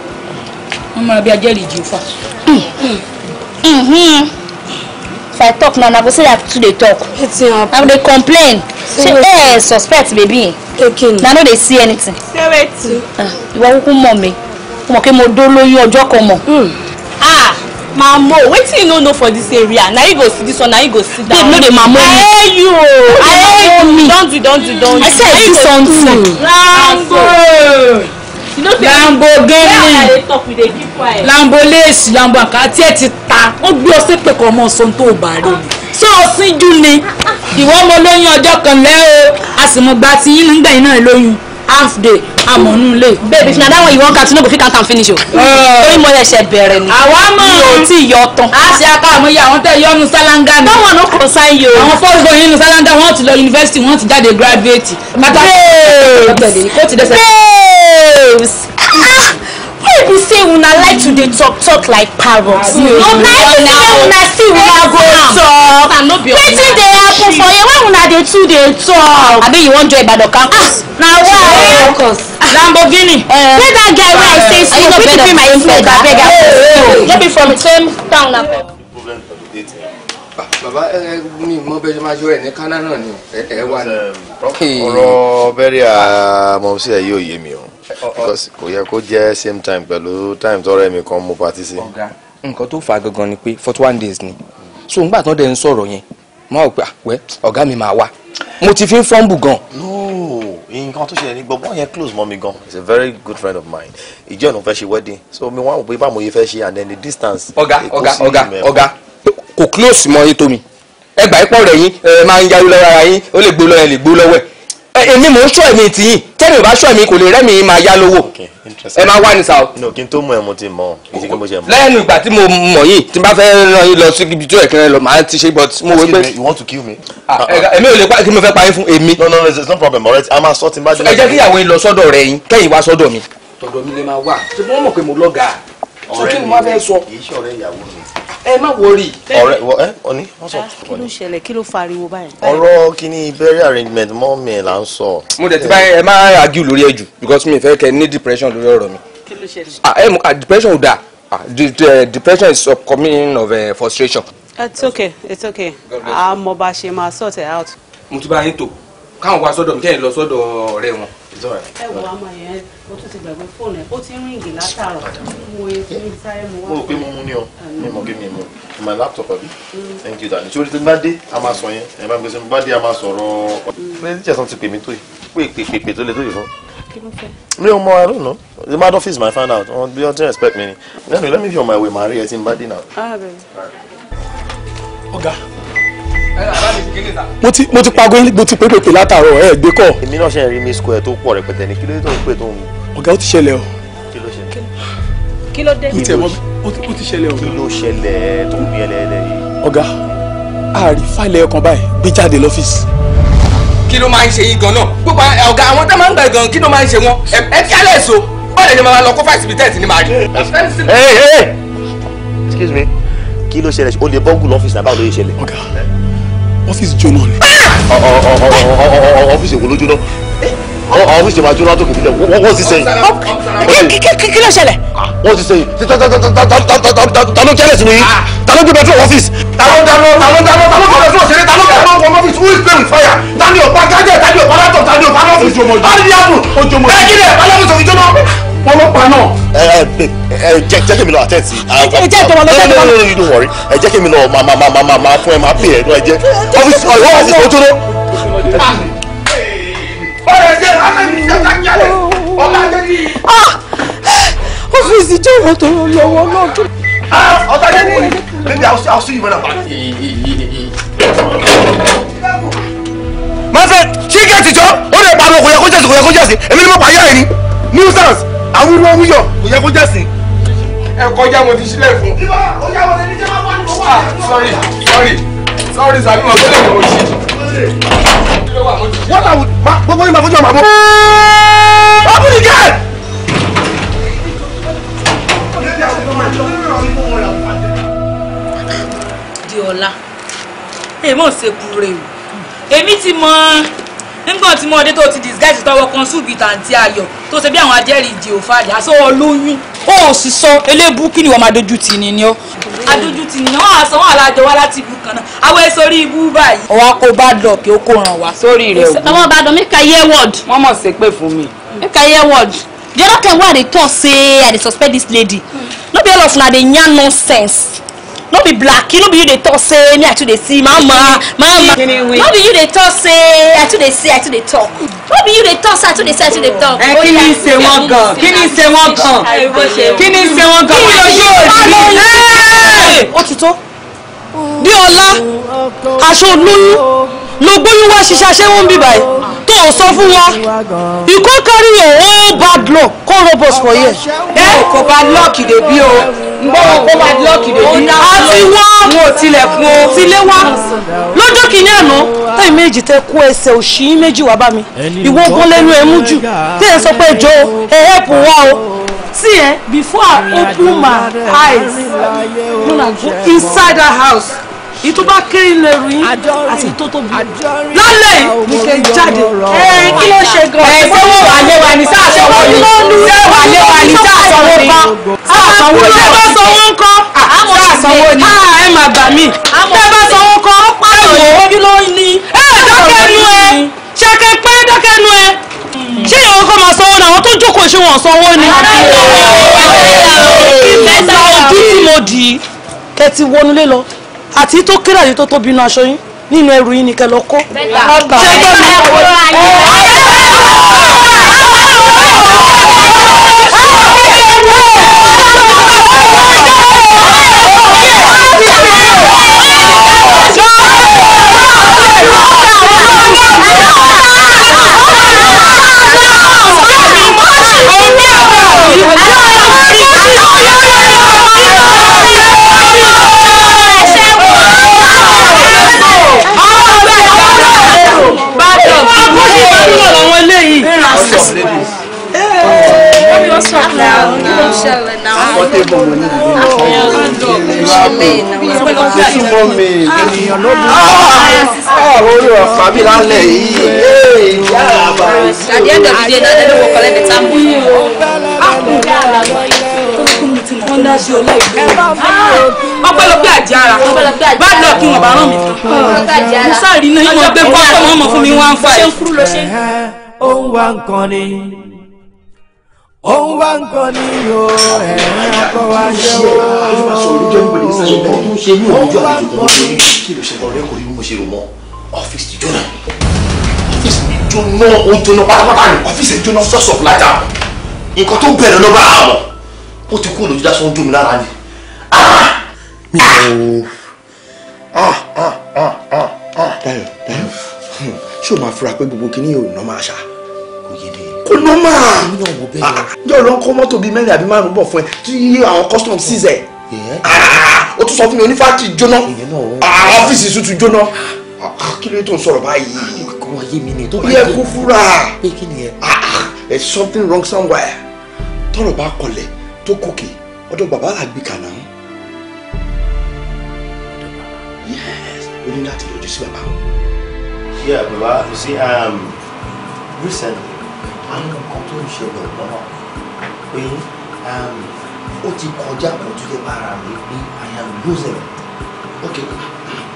wọ́n mọ̀ràn bí ajẹ́rìí jìnfà. Mm. Mm-hmm. if i talk now I go say that too dey talk i they complain say eh suspect baby Okay. Now no they see anything. Ah, ìwọ kúkú mọ̀ mi mo mọ̀ pé mo dó lóyún ọjọ́ come on. Mm. ah mamo wetin you know, know for this area Now you go see this one Now you go see that babe no dey mamo i hate you i hate you Don't do Don't do Don't do i say i see something. rango you know say lambo gẹ́mì lambo léèsì lambo àkàtì ẹ̀ ti ta ó gbé ọsẹ pẹ̀kọ̀ ọmọ ọ̀sán tó bá rí so ọ̀sìn jù ni ìwọ́n mo lóyún ọjọ́ kan lẹ́ o a sì mọ̀ gba ti yín nígbà yín náà lóyún half day amọ̀nù lè. babe if na that one you wan count you no go fit count am finish o. Uh, oyin mo lè ṣe bẹ̀rẹ̀ ni. àwa mọ̀ mi ò tí ì yọ tán. a ṣe aká àmúyẹ àwọn tẹ yọnu sálángà ni. táwọn ọ̀nà kò sáyé o. àwọn fọ́ọ̀sì tó yínú sálángà wọ́n ti lọ yunifásitì wọ́n ti jáde graduate. babes babes. Ah! wey be say una like to dey talk talk like parrots No, everything wey una see una go talk wetin dey happen for here when una dey too dey talk. abi you wan join ibadan campus. Ah, na why lamborghini eh. wey dat guy wey i ah, say so wey be my friend abeg abeg no be from the same town na. bàbá eh? ah, ẹ eh, mi mọ bẹ máa ṣe ẹ ní kánà náà ni ẹ wà ní. ọ̀rọ̀ bẹ́rẹ̀ àmọ́ sí ẹ yóò yé mi o because kò yẹ kó jẹ́ same time pẹ̀lú time tọ́rẹ́ mi kan mo party sí. ọ̀gá nǹkan tó fà gangan ni pé forty one days ni so ngbà tán dẹ̀ ń sọ̀rọ̀ yẹn máa pè àpẹ́ ọ̀gá mi máa wá mo ti fi ń fọ́nbù gan. no nǹkan tó ṣẹlẹ̀ ní gbọ̀ngàn yẹn close mọ́ mi gan he's a very good friend of mine ìjọ ìnú fẹ́ ṣe wedding so mi wá wò pé báwo yẹn fẹ́ ṣe and then the distance. ọ̀gá ọ̀gá ọ̀gá ọ̀gá kò close mọ́ yín tó mi ẹ gbà ipò rẹ̀ yín ẹ máa ń yáwó lọ́wọ́ ara yín ó lè gbó lọ́wọ́ ẹ lè gbó lọ́wọ́ ẹ Eh, èmi mò ń ṣọ́ ẹ̀mí tìyìn tẹ́mi ò bá ṣọ́ ẹ̀mí kò lè rẹ́mi máa yá lówó ẹ máa wá ní sa o. inú kí n tó mọ ẹ mo ti mọ ìṣe kí mo ṣe mọ. lẹ́yìn ìgbà tí mo mọ̀ yìí tí n bá fẹ́ ràn yín lọ sí ibi tí ó ẹ̀kẹ́rẹ́ lọ màá ti ṣe but mo wé pé. you want to kill me. Ah, uh, uh. èmi ò lè pa kí mo fẹ́ pa yín fún èmi. no no no it's no problem alright a máa sọ ti bá dé. ẹ jẹ́ kíyàwó yín lọ sọ́dọ̀ rẹ̀ yín kẹ́yìn wá sọ́dọ̀ mi. tọ̀dọ̀ mi lè máa wà ṣùgbọ́n mọ̀ pé mo lọ́gàá so kí ni wọ́n fẹ́ sọ. kì í ṣe ọ̀rẹ́ ìyàwó mi. ẹ má wọrí. ọ̀rẹ́ ẹ ọni wọ́n sọ. Ah, kí ló ṣẹlẹ̀ kí ló fariwo báyìí. ọ̀rọ̀ kìíní burial arrangement mọ́ mi là ń sọ. mo dẹ̀ ti bá ẹ máa argue lórí ẹ jù because mi fẹ́ kẹ́ ní depression lórí ọ̀rọ̀ mi. kí ló ṣẹlẹ̀. Ah, ah, depression ò dáa depression is coming of eh, frustration. it's okay it's okay a mọ bá ṣe máa sort it out. mo ti bá yín tò káwọn wá sọ́dọ̀ mi kẹ́yìn lọ sọ́dọ̀ ọ̀rẹ́ wọn ẹ wọ àmọ́ yẹn o tún ti gbàgbé fóònù ẹ ó ti ń ríǹgì látàrọ mo fi sáré mo wá. mo rò pé mo mú ní ọ mi mọ kí mi mọ my laptop àbí mm. thank you dani sórí tí n bá dé a máa sọ yẹn ẹ bá ń gbèsè bá dé a máa sọ̀rọ̀. ní tíjà sàn ti pè mí tó yìí pé pè pè tó lè tó yìí fún. mi ò mọ i don't know the mad office might find out wọn bí wọn ti respect mi ni anyway let me be on my way màá rí ẹ tí n bá dé now. Ah, ọ̀gá mo ti mo ti pago mo ti pépèpè látàárọ̀ ẹ gbé kọ. èmi náà ṣe ń rí mi square tó pọ̀ rẹpẹtẹ ni kí ló dé tó ń pè tó ń. ọ̀gá ó ti ṣẹlẹ̀ o. kí ló ṣẹlẹ̀. kí ló dé mi ló ó ti ṣẹlẹ̀ o. kí ló ṣẹlẹ̀ tó ń bí ẹlẹ́ẹ̀lẹ́ yìí. ọ̀gá àárín fáìlì ẹ̀kan báyìí gbé jáde lọ́fíìsì. kí ló máa ń ṣe yín gan náà gbogbo ọ̀gá àwọn tá máa ń gbà gan kí ló máa ń ṣe wọn ẹ kí alẹ́ èso bọ́ọ̀lù ni màá lọ excuse me kí ló ṣẹlẹ̀ o lè bọ́ọ̀gù lọ́fíìsì náà báwo ló yẹ ṣẹlẹ̀. ọ̀gá ọ́fíìsì jóná ni. ọ́fíìsì èwo ló jóná ọ́fíìsì máa jóná tó kò fílẹ̀ wọ́n sì sẹ́yìn. kí ló ṣẹlẹ̀. wọ́n sì sẹ́yìn ta ló jẹ́lẹ̀ sínú yìí ta ló gbé bẹ́ẹ̀ tó ọ́fíìsì. ta ló dáná ta ló dáná ta ló gbé bẹ́ẹ̀ tó ṣeré ta ló gbé bẹ́ẹ̀ tó ọ́fíìsì who is paying fire ta ni ọ̀pá gájẹ̀ ta ni ọ̀pá látọ̀ ta ni ọ̀pá lọ́fíìsì. ojúmọ̀ wọn ló pa náà. ẹ ẹ jẹ jẹ kí mi lọ àtẹ sí. ẹ jẹ tọmọ lọ tẹmọ lọ. you don't worry ẹ jẹ kí mi lọ ma ma ma ma ma ma fún ẹ ma pè ẹ lọ ẹ jẹ. ọfíìsì ọ̀yọ́ wà sí ojúlọ. ọ̀rẹ́ jẹ́ alẹ́ mi jẹ́ kájálẹ̀ oh. ọ̀la jẹ́ kí. Ah! ọfíìsì jọ̀wọ́ tó lọ́wọ́ náà. Ah, ọ̀tá jẹ́ ní bébí àwọn sí ìwé náà. máa fẹ́ ṣí gẹ̀ẹ́tì jọ ó lè pa àwọn kò yẹ kó jẹ̀sì kò yẹ kó jẹ̀sì èmi ni mo pa ayé ẹ̀ nuisance àwọn irú ọmú yọ kò yẹ kó jẹ́sìn. ẹ kọjá mo ti sílẹ̀ fún. ìbá ọjà wọlé ní jẹ́wọ́ wá ní owó àná. sorry sorry sorry sàbí mo gbọ́dọ̀ mọ̀ sí. wọ́n làwọn ma gbogbo yín ma fojú ọmọ àbọ̀. ọ̀bùnì gẹ̀. di ọ̀la èèmọ̀ ṣe kúrè o èmi ti mọ nígbà tí mo dé tó ti disguise tọwọ kan ṣùgbì tàǹtí ayọ̀ tó ṣe bí àwọn ajẹ́rìí di òfàdé aṣọ olóyún. ó ò sì sọ eléèbú kí ni wọn máa dojú tì ní ni ó. adójú tì ní ni wọn àṣọ wọn àlàjọ wá láti ìlú kan náà àwọn èso rí ibú báyìí. ọwọ́ kó bá dọ̀ kí ó kó ràn wá sórí rẹ̀ ògùn. ọmọ ìbàdàn mi ka yẹ word. wọ́n mọ̀ sí pé fún mi. mi ka yẹ word. the other time wey i dey talk say i dey suspect this lady hmm. no be all of una dey yarn nonsense no be blacky no be you dey talk say me i too dey see mama mama no be you dey talk say i too dey see i too dey talk no be you dey talk say i too dey see i too dey talk. ẹ kí ni ṣe wọn gan kí ni ṣe wọn gan kí ni ṣe wọn gan kí ni ṣe wọn gan. ó ti tó bí ọlá aṣọ olóyún ló gbóyún wá ṣiṣẹ́ aṣẹ́wọ́n bíbá ẹ̀ tó o sọ fún wa you go carry your whole bad luck come rob us for here. Eh? ẹ kò bá luck dey bí o gbọ́wọ́ kó bá di lọ́ọ̀kì lójú. àti wọ́n wọn ò tilẹ̀ fún o. tilẹ̀ wá lọ́jọ́ kìíní àná tẹ̀yìn méjì tẹ kó ẹsẹ̀ òṣì méjì wá bá mi ìwọ ogun lẹ́nu mú jù tí ẹ sọ pé jọ ẹ hẹ́pù wá o see eh before i open my eyes no inside that house ìtúbá kiri lè rí àti tó tóbi lálẹ́ ní kẹ́ jáde. ẹ kí ló ṣe gan. ẹ sẹ́wọ́ wà lé wa ní sáà sọ́wọ́ ni sẹ́wọ́ wà lé wa ní sáà sọ́wọ́ ni sáà sọ́wọ́ ni. tẹ́ bá sanwó ń kọ́ sáà sọ́wọ́ ni. ẹ má gbà mí tẹ́ bá sanwó kọ́ ẹ wò ó kí ló ní. ẹ dákẹ́nu ẹ ṣẹkẹ pé dákẹ́nu ẹ ṣé ìwọ kọ́ máa sanwó ni àwọn tó jókòó ṣé wọ́n sanwó ni. ẹ sọ ojú tí mo dì í kẹ́ ti wọnú lé lọ àti tó kéré àti tó tóbi náà aṣọ yín nínú ẹrù yín ni kẹ́ lọ kó. Yeah. bàtọ̀ àkóso ìbálòpọ̀ làwọn eléyìí. At the end of the day, that they don't work on the time ń dá sí ọlá ìlú ah! ọpẹ́lọpẹ́ àjàrà bá lọ kí wọn bá rán mi fún sáàrí náà yín wọn gbé kọ́kọ́ wọn mọ̀ fún mi wọn fà yìí. ó ń wá nǹkan ni ó ń wá nǹkan ni o ẹ̀rín ọkọ̀ wa jẹ́ o ó ń wá nǹkan ni. kí ló ṣe ọ̀rẹ́ kò rí bí mo ṣe rò mọ́ ọ́fíìsì ti jóná ọ́fíìsì ti jóná ó jóná pátápátá ni ọ́fíìsì ti jóná sọ́sọ̀ fúlájà nǹkan tó bẹ̀rẹ̀ ló bá àwọn ó ti kúrò lójú dáṣọ ojú mi lára ni. Ah! mi ò Dayọ̀ ah, ah, Dayọ̀ ṣé o máa fura pé gbogbo kìíní yóò nọ́ máa ṣá. kò yé mi. kò nọ́ máa. jọ lọ ń kọ́ mọ́tò bíi mẹ́rin àbí márùn-ún bọ̀ fún ẹ tí àwọn custom ṣiṣẹ́ o tún sọ fún mi onífàtì jóná ọ́fíìsì tún ti jóná kí ló tó ń sọ̀rọ̀ báyìí. kò yé mi ni tó bá yé mi. ó yẹ kó fura. ẹ. there's something wrong somewhere tọ́rọ̀ bá kọlẹ̀ tó kòkè ọ̀dọ̀ bàbá làgbìkà náà. yes o ní láti yọjú sí bàbá wọn. yeah Baba. you see um, recently àwọn nǹkan tó ń ṣẹlẹ̀ lọ́nà pé um, ó ti kọjá kan tó yẹ bára mi pé i am losing Okay, ok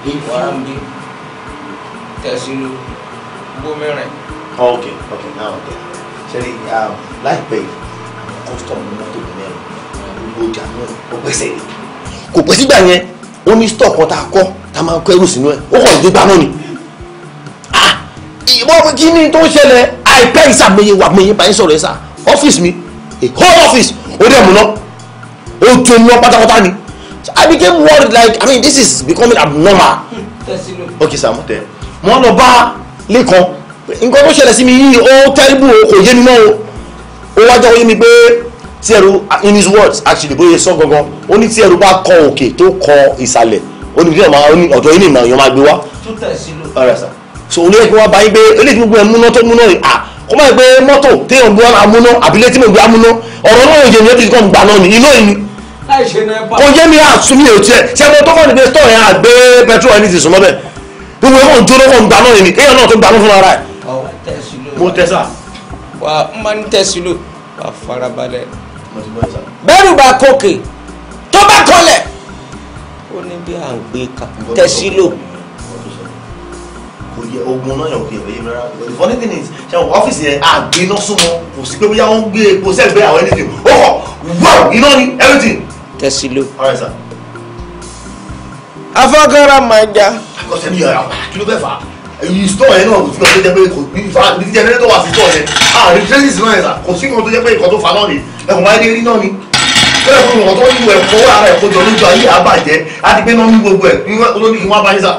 ìfúnni tẹ̀sílú gbómìnrin. Okay, okay, now okay. ṣe ni um, láìpẹ́ yìí custom mọ́tò mẹ́rin gbogbo ọjà náà ó pèsè kò pẹ́ sígbà yẹn ó ní stock kan tá a kọ́ tá a máa kọ́ ẹrù sínú ẹ̀ ó kàn gbé gbámọ́ ni ah, ìbọn kí ni tó ń ṣẹlẹ̀ àìpẹ́ ìsàmìyẹ wà mí yín sọ̀rọ̀ ẹ̀ sá ọ́fíìsì mi whole office ó dẹ̀ mú náà ó tún náà pátápátá ni I became worried like I mean this is becoming abnormal okay sir mo tẹ mo lọ bá lẹ́kọ̀ọ́ nǹkan tó ṣẹlẹ̀ sí mi yìí ó tẹ́rìbù kò yé mi náà wájọ́ wí mi pé tí ẹrù in his words actually bóyá sọ gangan ó ní tí ẹrù bá kọ òkè tó kọ ìsàlẹ̀ ó ní bí ọ̀dọ̀ yìí nìyàn yàn máa gbé wá. tó tẹ̀ sí so olóyè kí wọ́n bá yín pé eléyìí gbogbo ẹ̀ múná tó múná yìí à kó má yẹ pé mọ́tò téèyàn bí wọ́n amúná àbílẹ̀ tí mo bí amúná ọ̀rọ̀ náà yẹ yẹn ti kàn gbà náà ní iná yìí. kò yẹ mi àsúnmí ẹ̀ tiẹ̀ ṣé mo tọ́kọ̀ ní pé stọ̀ yẹn àgbẹ̀ petrol ẹni ti sùn mọ́ bẹ́ẹ̀ gbogbo ẹ̀ kàn jóná kàn gbà náà ní wà á ń tẹ̀sílò wà farabalẹ̀ bẹ́rù bá kókè tó bá kọlẹ̀ ó ní bí à ń gbé ká tẹ̀sílò. ogun náà yàn kò yẹ bẹ́ẹ̀ rárá the funny thing is ṣe àwọn ọ́fíìsì yẹn àgbé náà súnmọ́ kò sí pé bóyá wọ́n gbé epo sẹ́gbẹ́ àwọn anything ó kọ̀ wow iná ni everything. tẹ̀sílò. all sir. afọ́kànra máa ń já. akọ̀sẹ́ mi yàrá kí ló bẹ́ẹ̀ fà á èyí store yẹn náà kò sí kan tó jẹ́ pé kò bí ibi jẹnẹrétọ̀ wà sí store yẹn àárín traces náà yẹn kò sí kan tó jẹ́ pé nǹkan tó fa náà ni ẹkùn máa dé rí náà ni kẹ́lẹ́ fún nǹkan tó ní ẹ̀kọ́ ara ẹ̀kọ́ jọ lójú ayé àbàjẹ́ àti pé náà ní gbogbo ẹ̀ olórí kí wọ́n bá yín sà.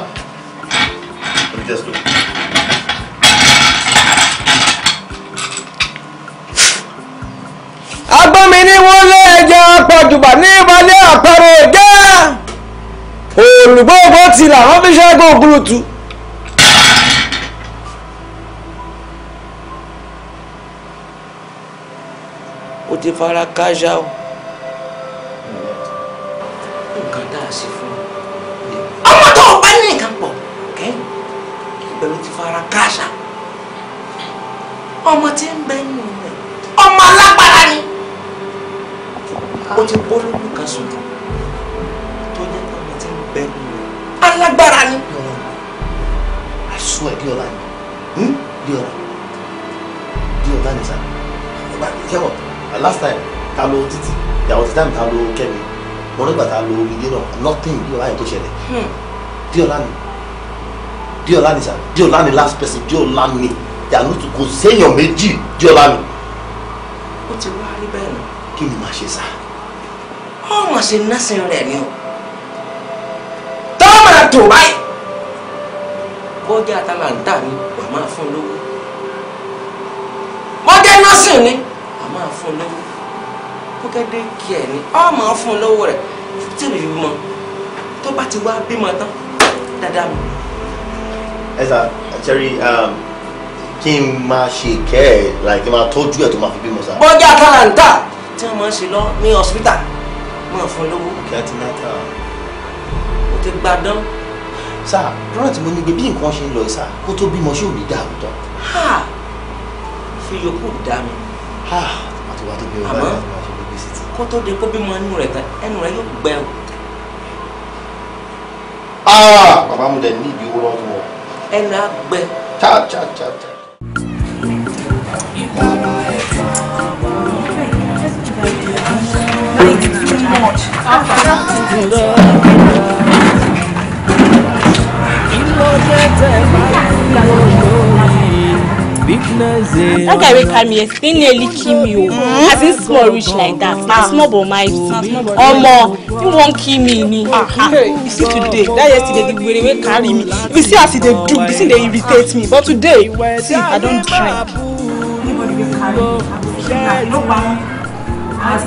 agbọ́nmi ni wọ́n lé ẹja pọ̀jùbà ní ìbàlẹ̀ àpẹẹrẹ ìjẹ́ olùgbòǹgbò ti làwọn fi ṣẹ́gun ògùrùtù. ti fara káṣá o. nǹkan tá a ṣe fún ọ ọmọ tó o bá ní nǹkan pọ̀ kẹ́ ìbẹ̀rù ti fara káṣá ọmọ tí ń bẹ nù rẹ̀ ọmọ alágbára ni ó ti bọ́ lójú kan sùn tó jẹ́ pé ọmọ tí ń bẹ nù rẹ̀ alágbára ni. àṣù ẹ̀ bí ọ̀la ni sa hm? ọ̀la bí ọ̀la ni sáà last time ta lo títì ìyàwó ti dáàmì ta lo kẹ́mi mo nígbà ta lo ilé náà nothing bí ọlá yẹn tó ṣẹlẹ̀ hmm. bí ọlá ni bí ọlá ni sà bí ọlá ni last person bí ọlá ni ìyàwó tó kò séèyàn méjì bí ọlá ni. ó ti wá rí bẹ́ẹ̀ nù. kí ni màá ṣe sá. ọmọ ṣe nọ́ọ̀sìn rẹ̀ ni o tọ́ máa tò báyìí bọ́jà tá máa ń tà ní wàá máa fún lówó wọ́n jẹ́ nọ́ọ̀sìn ni fún lówó pọ́kẹ́dé kí ẹ̀ ní ọmọ fún lówó rẹ̀ tí ò ní fi mọ tó bá ti wá bímọ tán dáadáa mọ. ẹ sà àtẹrí um, kí n máa ṣe ìkẹ́ ẹ̀ láì kí n máa tọ́jú ẹ̀ tó máa fi bímọ sá. bọ́jà kàlàǹtà tí wọ́n máa ń ṣe lọ ní ọ̀sìpítà máa fún lówó. kí á ti náà tà á. o ti gbádán sáà lọ́nà tí mo ní gbé bí nǹkan ṣe ń lọ sáà kó tó bímọ ṣé ò ní dáa tán. fi yòókù dá mi wá tó gbé ọba rẹ̀ máa fi gbé sí ti. kó tó di kó bímọ ẹnu rẹ̀ tán ẹnu rẹ̀ yóò gbẹ o. Ah, bàbá mo dẹ̀ ní ìbí owó lọ́wọ́ wọn. ẹnu á gbẹ. ta ta ta ta. Thank you. That guy wey carry me yesterday nearly kill me o. Oh. Mm-hmm. As in small reach like that. Na ah. small but mighty. Omo, he wan kill me ni. Ah, ah. You see today, that yesterday the were wey carry me. You see as e dey do, the thing dey irritate me. But today, see, I don drink. Anybody wey carry me, no gbam. As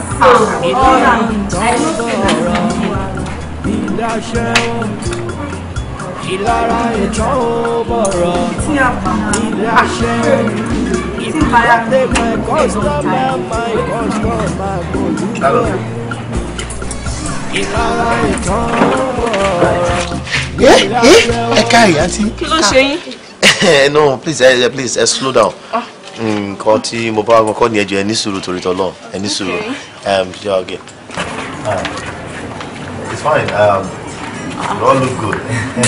I know ìlara ìtàn ó bọ̀rọ̀ ilé aṣẹ́ ah, ìpàdé my customer my customer kò ní bẹ́ẹ̀ ìlara ìtàn ó bọ̀rọ̀ ilé aṣẹ́ ó. ẹ káàrí àǹtí. kí ló ṣe yín. Eh, no please eh, eh, please eh, slow down ah. nǹkan tí mo bá wọn kọ́ ni ẹjọ́ ẹ ní sùúrù torí tọ́lọ́ ẹ ní sùúrù um, ah, it's fine. Um, You all look good. [laughs]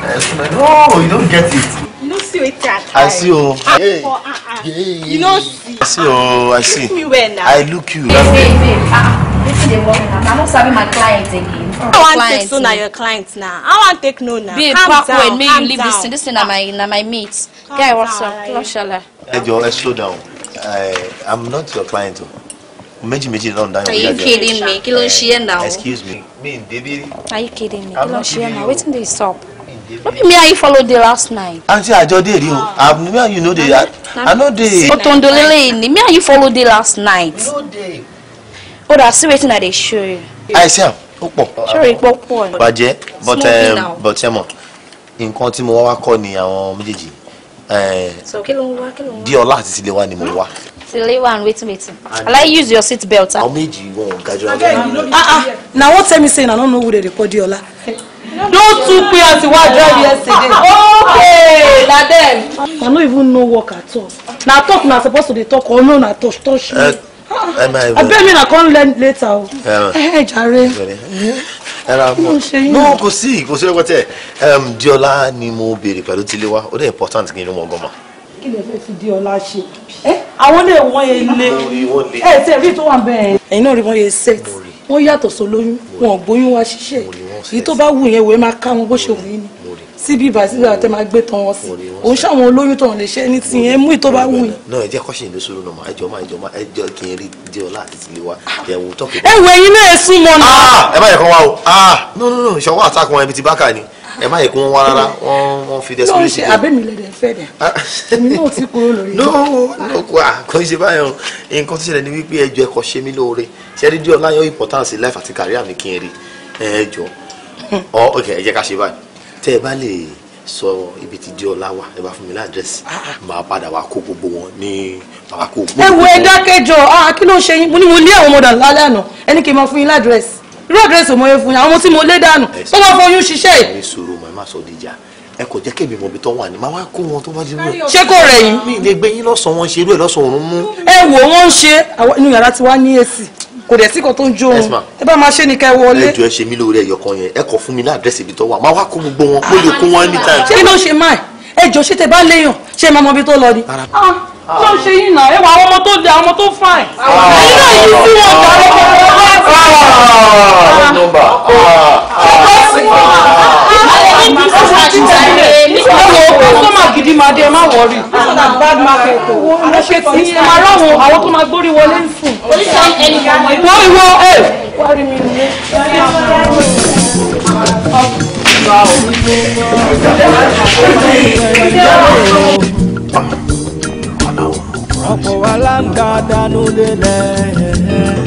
no, oh, you don't get it. You don't see what I I see you. Oh. Ah, hey. Uh, uh, You don't see. I see oh, you. I see. Look me well now. I look you. Hey, hey, hey. Uh-uh. I'm not serving my client again. I want client, take so now eh? your client now. I want take no now. Babe, calm down. Wait, make you leave this thing. This thing na my na my mate. Guy, what's up? Loshala. Eh? Hey, Joe, eh, slow down. I I'm not your client. Oh méjì méjì náà ń are you kidding me kí ló ń ṣe é náà. excuse me Me and débi. are you kidding me kí ló ń ṣe é náà wetin dey sup. no be me and you follow dey last night. aunty ajo dey ri o me and you no dey i no dey. otondo lele yìí ni me and you follow dey last night. no dey. hold on see wetin i dey show you. i see am ó pọ̀. sori pọ̀ pọ̀. bàjẹ́ but um, but ẹ mọ̀ nǹkan tí mo wá wá kọ́ ni àwọn méjèèjì. Eh, so kí ló ń wá kí ló ń wá. díọ̀lá àti tilẹ̀ wa ni mo wá ti lewa and wetin wetin alai use your seat belt. how made you wan gaju ah ah na what tell me say na no know who dey dey call diola. no too pay as you wan drive ah, yesterday. Ah, ah. okay na dem. i no even know work at all na talk na suppose to dey talk or oh, no na touch touch me. Uh, abeg me na come learn later o. ẹ eh, jàre ẹra eh, mọ no kò sí kò sí ọgbọ́n tẹ diola um, ni mo béèrè pẹ̀lú tilewa ó dẹ̀ important kí n ló mọ̀ gan-an kí lè fẹ́ fi di ọlá ṣe ẹ àwọn lè wọ́n yẹn lé ẹ tẹ rí tó wà bẹ́ẹ̀. ẹ̀yin náà rí wọ́n yẹn set wọ́n yàtọ̀ sólóyún wọn ò gbóyún wá ṣiṣẹ́ èyí tó bá wù yẹn wò ẹ máa ká wọn bó ṣe wù yín ni síbí ibà síbí àtẹ máa gbé tán wọn sí òun ṣàwọn olóyún tọ̀hún lè ṣe ẹni tí yẹn mú ìtọ́ bá wù yín. náà ẹ jẹ́ kọ́ṣì ìlú sóró náà ẹ jọ máa ẹ jọ máa ẹ jọ kí n rí di ọlá àti tìlẹ̀ wa ẹ̀wù tọ́kì. ẹ wo náà ẹ sún mọ́ ah! ẹ má yẹ kán wá o ah! no no no ìṣọwọ́ àtàkùn ẹbí ti bákà ni ẹ má yẹ kó wọn wá rárá wọn wọn fi desperate ṣe. àbẹ̀mí lẹ́dẹ̀ fẹ́ dẹ̀ ah. èmi náà ti kúrò lórí. no no kò à kò ṣe báyọ̀ nǹkan tó ṣẹlẹ̀ ni wípé ẹjọ́ ẹ̀kọ́ ṣe mí lóore ṣe rí díọ̀ láyọ̀ importance life àti career mi kí n rí ẹjọ́ ọ ok ẹ jẹ́ ká ṣe báyìí tẹ́ ẹ bá lè sọ ibi tí díọ̀ láwà ẹ bá fún mi ládírẹ́sì ah, ah. máa padà wá kó gbogbo wọn ní màá kó gbogbo wọn. ẹ wo ẹ dákẹ́jọ́ kí ló ṣe yín mo ní mo lé àwọn ọmọdà lálẹ́ àná ẹni kì í máa fún yín ládírẹ́sì irú àdírẹ́sì mo yẹ fún yín àwọn ọmọ tí mo lé dànù tó bá fọyún ṣiṣẹ́ yìí. ẹ sòrò màmá sọ dìjà ẹ kò jẹ́ kémi mọ̀bí tó wà ní màá wá kó wọn tó bá ti rú ṣé kò rẹ̀ yín. mi lè gbé yín lọ́sàn-án wọn ṣe irú ẹ̀ lọ́sàn-án òun mú. ẹ wò wọ́n ń ṣe inú yàrá tí wàá ní èsì kò dẹ̀ sí kan tó ń jó ohun ẹ bá máa ṣe ni ká ẹ wọlé. ẹ ṣe mí lórí ẹyọ yẹn ẹ kọ fún mi ní àdírẹ́sì ibi tó wà máa wá kó gbogbo wọn kó lè kó wọn ní táyà. kí ló ṣe máa ẹjọ ṣe tẹ bá léèyàn ṣe máa mọ ibi tó lọ ni. Ah, ló ń ẹ wà ọmọ tó dé ọmọ tó fà ah. ẹ̀. àwọn náà yìí sí wọn dá wrong number. kọ́sọ́mà gidi máa dé ẹ má wọrí. ẹ ṣe tí ẹ máa ráwọn àwọn tó máa gbórí wọlé ń sùn. wọ́n ìwọ ẹ̀. wọ́n rí mi nílé. ọ̀pọ̀ wa láǹgá dánú lélẹ̀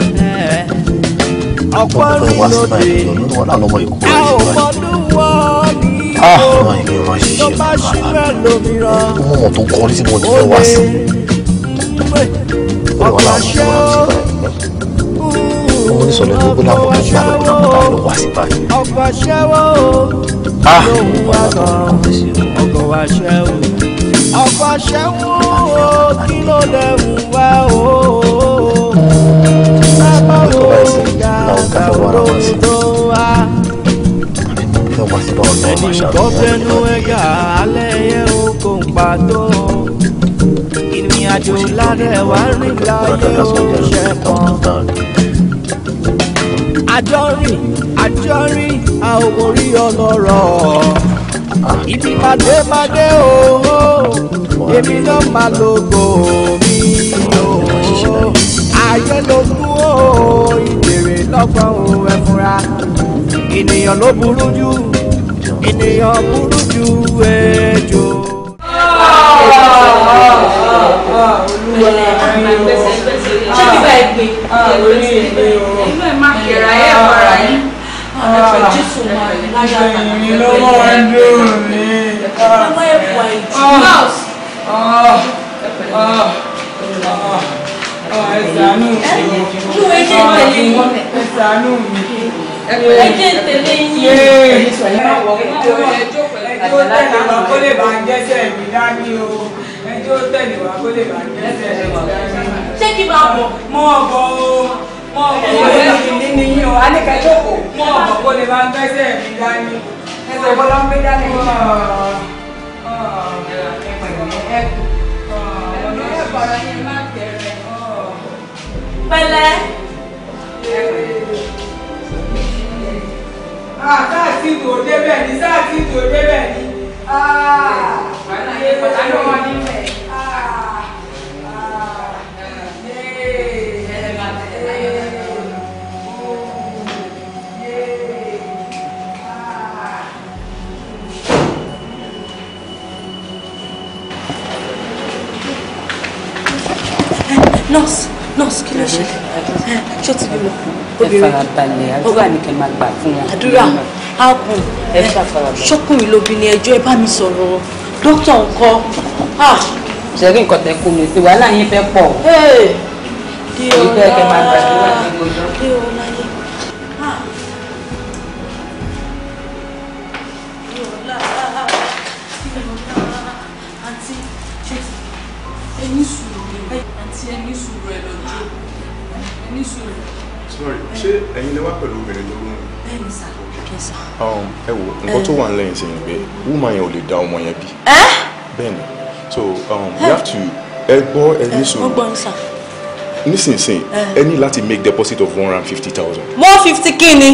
ọ̀pọ̀ rìn lóde a ò fọdún wọ́ọ̀lì o tó bá ṣíwẹ̀ lómìíràn ó lè ọ̀pọ̀ ṣẹ́ o mo ní sọ̀rọ̀ ẹni gbọ́dọ̀ àwọn ọmọ ìgbà lọ́wọ́ náà ló wá sí báyìí. ọkọ̀ ṣẹ́wó lòun wá gan ọkọ̀ wá ṣẹ́wó ọkọ̀ ṣẹ́wó kí ló lẹ́hùn wá o. ọ̀rọ̀ tó wá. ẹni kọ́ fẹnu ẹ̀gà alẹ́ yẹ oko ń pa tó. ìrìn àjò lárẹ̀ wá rìn láyé oṣẹ́ kan. àjọrìn àjọrìn a ò borí ọlọ́rọ̀. ibi pàdé pàdé òhó èmi náà máa lògò mi yòó ayé ló kú òòyì lọ́gbọ́n o ẹ fura ènìyàn ló burú jù ènìyàn burú jù ejò. oh lọ́wọ́ ń dùn mí. Ọmọ ẹ̀kọ́ àìjù ẹ̀sánú mi ẹ̀sánú mi dání o ẹ̀jọ́ tẹ̀lé wa dání. ṣé bọ́lá ń gbé dání pẹ̀lẹ́. sáà ah, tí kò débẹ̀ ni sáà tí kò débẹ̀ ni. ayé pàtàkì wọn ní bẹ̀. Nurse, nọ́ọ̀sì kí ló ṣe ṣó ti bímọ obìnrin ẹ farabalẹ̀ àdúrà ni kẹ́ máa gbà fún wọn. àdúrà á mm. gùn ẹ ṣọkùnrin lóbi ni ẹjọ́ ẹ bá mi sọ̀rọ̀ dókítà ńkọ́. Ah! ṣẹ̀rí nǹkan tẹ kú mi sí wàhálà yín fẹ́ pọ̀. ìfẹ́ kẹ́ máa gbàdúrà ní gbogbo. ẹ̀yin lè wá pẹ̀lú obìnrin tó lóyún. bẹ́ẹ̀ni sá bẹ́ẹ̀ni sá. Um, ẹ wo nǹkan tó eh. wà ń lẹ́yìn sí pé woman yẹn ò lè da ọmọ yẹn bí. Eh? bẹ́ẹ̀ni so um, we eh. have to ẹ gbọ́ ẹ ní sùúrù nísinsìnyí ẹ láti make deposit of one hundred and fifty thousand. one fifty kini.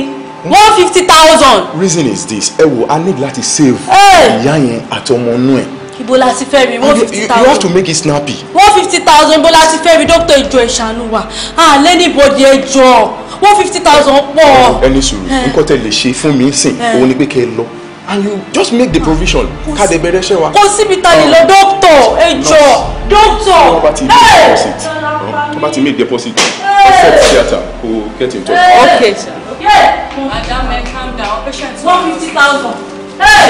one fifty thousand. reason is this ẹ wo a need lati save ìyá yẹn àti ọmọ inú ibo ti fẹ́ rí one fifty thousand. you have to make it snappy. one fifty thousand ibo la ti fẹ́ rí dókítà ìjọ ìṣàánú wa ah lẹ́nìbọ̀dì ẹjọ́ one fifty thousand pọ̀. ẹni sùúrù nǹkan tẹ́ lè ṣe fún mi sìn òun ni pé kẹ́ ẹ lọ and you just make the ah, provision ká dẹ̀ bẹ̀rẹ̀ ṣẹ́ wa. kò síbi ta lè lọ ah. dókítà ẹjọ́ dókítà. ọba ti make deposit ọba make deposit perfect theatre kò get in touch. okay sir. yeah. madam calm down patient one fifty thousand. Hey!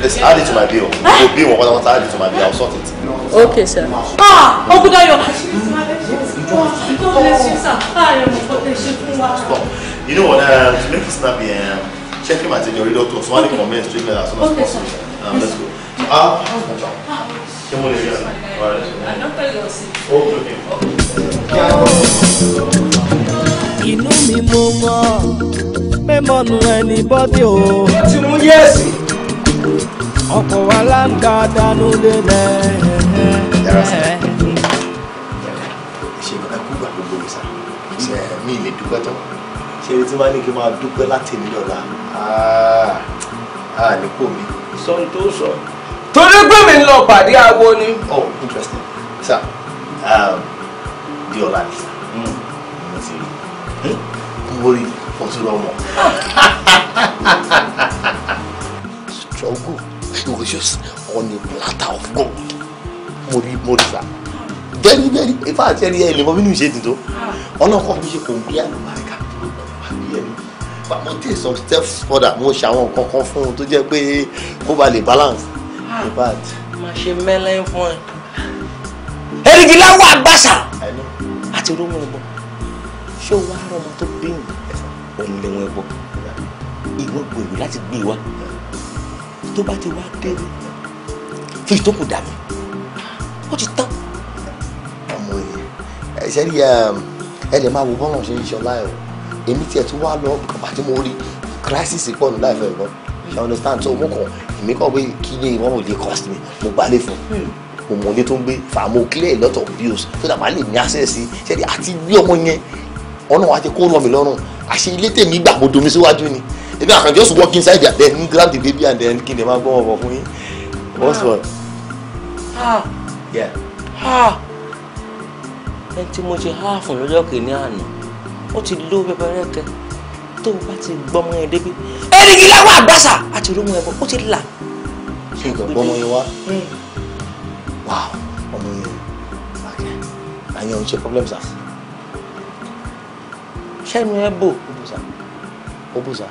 Let's add it to my bill. The eh? bill won't want to add it to my bill. I'll sort it. Okay, sir. Ah, Uncle Dayo. God bless you, sir. You know what? Um, to make this snappy, um, check him at your doctor. So I recommend treatment as soon as okay, possible. Um, let's go. Ah, how's my job? Come on, here. All right. Okay, okay. Inú mi mú mọ́, mẹ́mọ́nù ẹni bọ́dé o. Tinubu yẹ́sì ọ̀pọ̀ wa láǹkà dànù délẹ̀. mi lè dúpẹ́ tán ṣe tí wọ́n ní kí n máa dúpẹ́ láti ah, ní lọ́la àà nípò mi. sọ ní tó sọ. torí pé mi ń lọ pàdé aago ni. oh interesting sir um, di ọ̀la ni hmm, mo ti rí hmm, mo rí mo [laughs] struggle precious on a platter of gold mo rí mo rí sa very very ifá àti ẹni ẹ lè mọ bínú ìṣe dìdó ọlọ́kọ̀ mi ṣe kò ń gbé àlùbáríkà wà bí ẹni wà mo take some steps further mo ṣe àwọn nǹkan kan fún un tó jẹ́ pé kó ba lè balance. Ah, máa ṣe mẹ́lẹ́ fún ẹ. erigi láwọ àgbàṣà àti olóhùn ẹ̀bọ ṣé o wá rọmọ tó bí òun lẹ́wọ̀n ẹ̀bọ ìwọ gbèrú láti gbé wa tó bá ti wá dé fún ìtókù dà mí ó ti tán. ọmọ yìí ẹsẹ rí um, ẹ lè máa wo bọ́ọ̀lù ṣe ń ṣọlá ẹ o èmi tiẹ̀ tún wá lọ bàbá tí mo rí crisis pọ̀ ní láìpẹ́ ẹ̀gbọ́n you understand so mo kàn èmi kàn pé kí ni wọn ò lè cost mi mo gbalẹ̀ fún hmm. mo mọ ilé tó ń gbé fàmó clear a lot of bills so that màá lè ní access sí ṣe àti gbé ọmọ yẹn ọ̀nà wa ti kó ràn mí lọ́rùn àṣé ilé tèmi gbà mo domi síwájú ni èmi àkàn just walk inside their den grab the baby and then kí ni ẹ máa gbọ́n ọ̀bọ̀ fún yín. what's ah. wrong. ẹ tí mo ṣe há fún lọ́jọ́ kìíní àná ó ti ló pẹpẹ rẹ́kẹ tó o bá ti gbọ́mọ yẹn débi erigi láwọn àgbàsà àti ìròmọ ẹ̀bọ ó ti là. ṣé nǹkan gbọ́mọ yẹn wá hmm. wàá ọmọ yẹn àyàn ń ṣe problems as ṣẹ́nu ẹ bò òbùsà òbùsà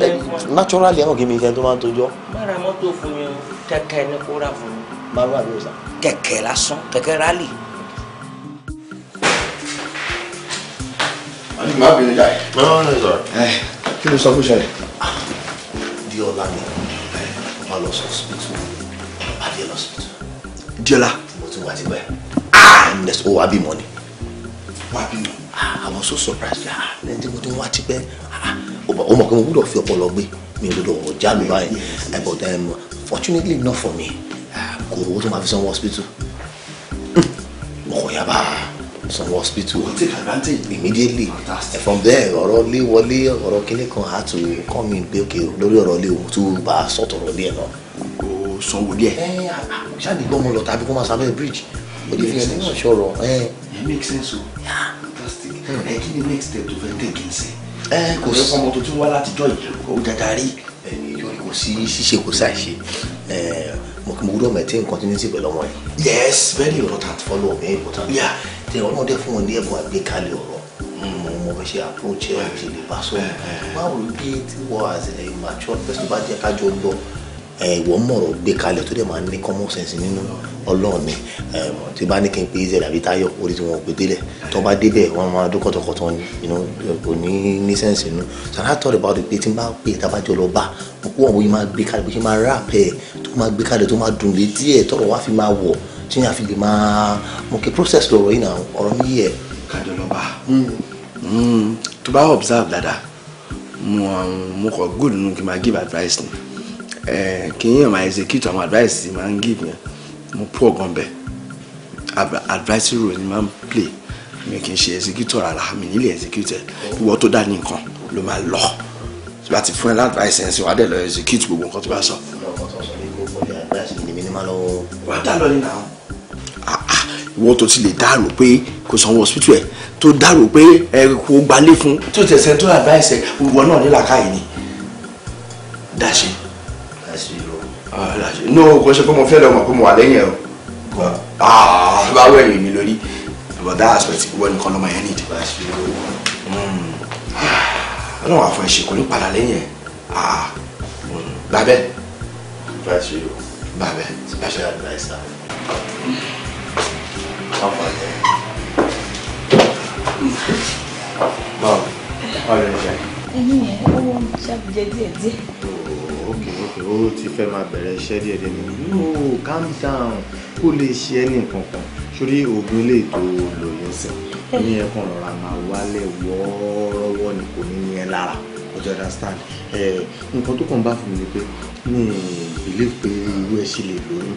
eh, naturally àwọn kìíní ìṣẹ́ tó máa ń tojọ́. bára mọ́tò fún mi kẹ̀kẹ́ ni kó rà fún mi. báwo àbí òsà. kẹ̀kẹ́ lásán kẹ̀kẹ́ rálì. wọ́n ti máa bínú jáde. mẹ́rin ní sọ̀rọ̀. ẹ kí ló sọ fún ṣẹlẹ̀. diola ni ọmọ eh, lọ sọ síbítù adé lọ síbítù. diola. mo ti wá ah! ti ah ẹ̀ ǹdẹ̀sọ̀ wà bímọ ni. wà bímọ. I was so surprised ah lẹ́yìn tí mo ti wá ti pẹ́ ah, ah ó mọ̀ pé mo gbọ́dọ̀ fi ọpọlọ gbé mi eh, but then, um, fortunately not for me go ah, owó tó máa fi sanwó hospital ọkọ̀ yaba Take advantage immediately and from there ọ̀rọ̀ lé wọlé ọ̀rọ̀ kíní kan had to come in pé okay lórí ọ̀rọ̀ lé òun tó bá a sọ̀tọ̀ ọ̀rọ̀ lé ẹ̀ náà. kò sanwó díẹ̀. Eh, ah, ṣáà ní gbọ́mọ lọ tàbí bridge. But if you're not sure, eh? it makes sense o. Yeah ẹ eh, kí ni next step tó fẹ́ tètè sí. Eh, ẹ kò sí ọmọ tó ti wá látijọ́ yìí ó dáadáa rí eh, kò sí ṣíṣe kò ṣàṣe mo kí mo gbúdọ̀ maintain continuity pẹ̀lú ọmọ yìí. yes very important follow me important. yà tẹ ọ̀nà ọdẹ fún wọn ní ẹ̀bùn àgbékalẹ̀ ọ̀rọ̀ mm. mo mọ bẹ ṣe approach ẹ̀ ṣe lè bá sọ̀rọ̀ báwo bí tí wọ́n as a mature person bá jẹ́ kájọ lọ. Eh, ìwọ mọ̀rọ̀ gbé kalẹ̀ tó dẹ̀ máa ní common sense nínú ọlọ́run mi eh, tí bá ní kí n pe israel àbí táyọ̀ orí tí wọn ò pé délẹ̀ tó bá débẹ̀ wọn máa dún kọ̀tọ̀kọ̀tọ̀ kò ní ní sense nínú so I thought about it pé tí n bá pè tábàjọ lọ bá òkú ọ̀hún yìí máa gbé kalẹ̀ bó ṣe máa rà pẹ́ tó máa gbé kalẹ̀ tó máa dùn létí ẹ̀ tọrọ wá fi máa wọ̀ tí yàn fi lè máa mo kì process lọ̀rọ̀ yìí náà ọ̀rọ̀ mi yẹ. kájọ lọ bá hmm. Hmm. tó bá observe dáadáa mo kọ good nínú kí n máa give advice ni. Eh, kí yẹn my execute àwọn advice ti máa ń give yẹn mo poor gan bẹ́ẹ̀ advice role ni máa ń play mi kì í ṣe executor rárá mi nílé executor ìwọ tó dá ní nǹkan ló máa lọ tí bá ti fún ẹ láàdváìsì ẹ̀ ń sìn wá dẹ̀ lọ execute gbogbo nǹkan tó bá sọ. wà á dá lọ nínú àwọn. Ah, ah, ìwọ tó ti lè dárò pé kò sanwó hospital ẹ tó dárò pé ẹ kò gbalé fún tó tẹsẹ̀ tó advice ẹ ìwọ náà nílà káyìí ni dáṣe láìsí o. Ah, no kò ṣe pé mo fẹ́ lọ mọ̀ pé mo wà lẹ́yìn ẹ̀ o ah, bá wẹ̀yìn mi lórí but that aspect wọ́n nìkan lọ́mọ yẹn nìdí. Hmm. ọlọ́run àfọ ẹ̀ṣẹ̀ kò ní padà lẹ́yìn ẹ̀ gbàbẹ́. Ah. gbàbẹ́ special adviser. báwo báwo lè ṣe. ẹyin yẹn ó jẹ́ díẹ̀ díẹ̀. Oh ok ok oró ti fẹ́ máa bẹ̀rẹ̀ iṣẹ́ díẹ̀ díẹ̀ nínú no calm down kó lè ṣe ẹ́ ní nǹkan kan sórí oògùn ilé ètò lòyún sí ní ẹ̀kan rọra máa wálẹ̀ wọ́ọ́rọ́wọ́ ni kò ní ní lára ọjọ́ understand nǹkan tó kàn bá fún mi ni pé mi believe pé irú ẹ ṣì lè lóyún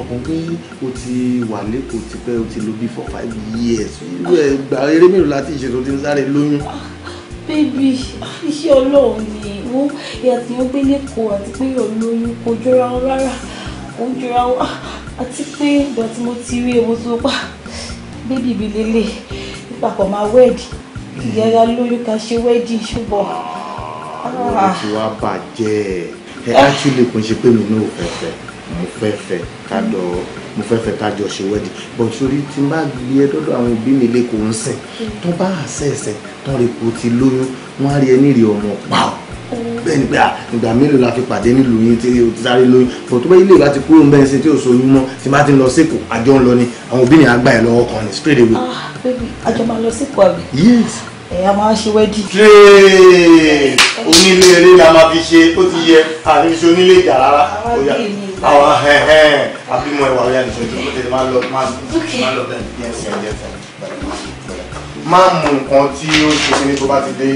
ọkàn pé o ti wà lẹ́kọ̀ọ́ tipẹ́ o ti lò bí for five years irú ẹ gbà eré mélòó láti ìṣètò tí ń sáré lóyún bébí iṣẹ́ ọlọ́run ni ìwọ ìyá tí ó gbé lẹ́kọ̀ọ́ àti pé olóyún kò jọra wọn rárá kò jọra wọn ah, àti pé ìgbà tí mo ti rí ewu tó pa bébí mi lélẹ̀ nípapọ̀ máa wẹ́ẹ̀dì ìyára lóyún ká ṣe wẹ́ẹ̀dì ṣùgbọ́n. àwọn àti wá bàjẹ́ ẹ ah. actually kò ṣe pé mi náà ò fẹ́ fẹ́ mo fẹ́ fẹ́ ká dọ̀ ọ́ mo fẹ́ fẹ́ tá a jọ ṣe wẹ́dì bọ̀ sórí tí n bá gbé ẹ dọ́dọ̀ àwọn òbí mi lẹ́kọ̀ọ́ ń sìn tó bá àṣẹ̀ṣẹ̀ tán rẹ̀ kò ti lóyún wọ́n á rí ẹ nírì ọmọ pa ọ́ bẹ́ẹ̀ pé ìgbà mélòó la fi pàdé nílùú yín tí o ti sáré lóyún bọ̀ tó bá ilé ìbá ti kúrò ń bẹ́ẹ̀ sí tí o so oyún mọ́ tí bá ti lọ sípò àjọ ń lọ ni àwọn òbí mi á gbà ẹ lọ́wọ́ kan ni straight away. Ah, ẹ̀yà máa ń ṣe wẹ́dì. onílé eré la máa fi ṣe ó ti yẹ àti onílé ìjà rárá. àwọn ẹbí mi àwọn àbímọ ìwà ọ̀yà nìkan tó tètè máa lọ máa lọ bẹ́ẹ̀ ní ẹsẹ̀ ẹ̀jẹ̀ tẹ̀ máa mú nǹkan tí ó ṣe kí ní tó bá ti dé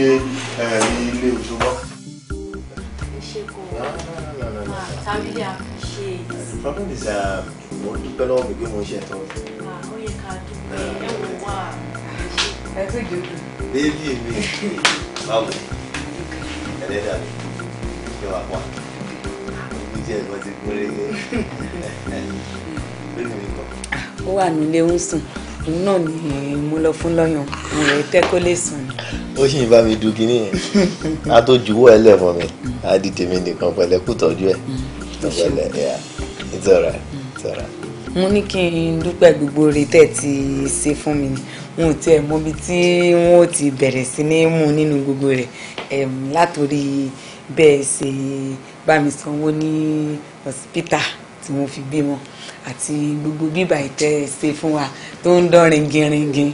ilé òjòwọ́. mo dúpẹ́ lọ́wọ́ mi pé mo ṣe tán. Bébí mi, báwo ni? Ẹlẹ́dàá mi, ṣé wàá díẹ̀ kan ti gún ó wà nílé ń sùn òun náà ni mo lọ fún lọ́yàn mo rẹ̀ tẹ́ lè sùn. ó sì ń bá mi dùn kínní yẹn á tó juwọ́ ẹ lẹ́fọ̀n mi á di tèmi nìkan pẹ̀lẹ́ kú tọ́jú ẹ̀ mm. pẹ̀lẹ́ ìtọ́ra ìtọ́ra. mo ní kí n dúpẹ́ gbogbo oore ti ṣe fún mi wọn ò tiẹ̀ mọbi tí wọn ti bẹ̀rẹ̀ sí ní mú nínú gbogbo rẹ̀ látòrí bẹ́ẹ̀ ṣe bá mi sanwó ní hospital tí mo fi bímọ àti gbogbo bíbà ìtẹ́ ṣe fún wa tó ń dán ringinringin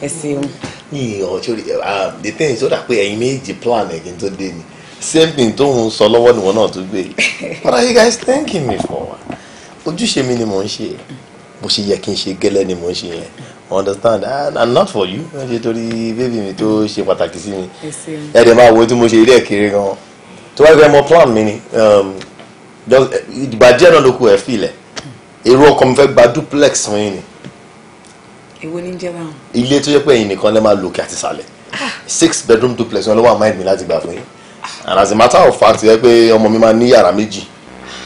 ẹ ṣeun. ní ọ̀rọ̀ rí the thing is ó dà pé ẹ̀yin méjì plan ẹ̀gìn tó dé ni same thing tó ń sọ lọ́wọ́ nìwọ náà tó gbé what [laughs] are you guys thanking me for ojúṣe mi ni mò ń ṣe bó ṣe yẹ kí n ṣe gẹ́lẹ́ ni mò ń ṣe yẹn understand and, not for you ṣe torí baby, mi tó ṣe pàtàkì sí mi ẹ̀ẹ́dẹ̀ máa wo tí mo ṣe rí ẹ̀ kiri gan-an tó wáyé fẹ́ mọ plan mi ni um, ìgbà díẹ̀ náà ló kù ẹ̀ fìlẹ̀ èrò ọkọ mi fẹ́ gba duplex fún yín ni. èwo ni jẹ́ báwọn. ilé tó yẹ pé ẹ̀yin nìkan lè máa lòkè àti sàlẹ̀ ah. six bedroom duplex wọn ló wà mind mi láti gbà fún yín and as a matter of fact yẹ pé ọmọ mi máa ní yàrá méjì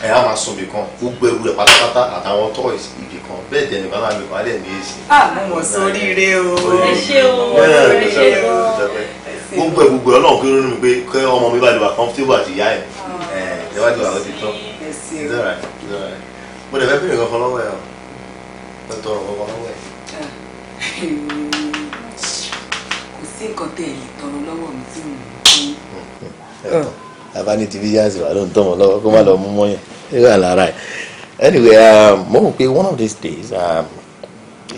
ẹ á máa sùn bìkan gbogbo ẹrù rẹ pátápátá àtàwọn toys ibìkan bẹ́ẹ̀ dẹni bá máa bìkan á dẹ ní èsì. àmọ́ sóríire o ẹ ṣé o ẹ ṣé o gbogbo ẹ̀ gbogbo ọlọ́run kí ó ronú mi pé kí ọmọ mi bá lè wà comfortable àti ìyá ẹ̀ ẹ̀ ah. eh, ẹ̀ wá ti wà ó ti tán mo dẹ̀ fẹ́ bèrè kankan lọ́wọ́ ẹ̀ ọ̀ tọrọ kankan lọ́wọ́ ẹ̀. Ah. [laughs] kò sí nǹkan tẹ̀ lè tọrọ lọ́wọ́ mi tí mo ń kọ́. bàbá ní ti bí yáàsì wà ló ń tọmọ lọ́wọ́ kó má lọ mú mọyàn ẹ wà lára ẹ anyway um, mo mọ̀ pé one of these days um,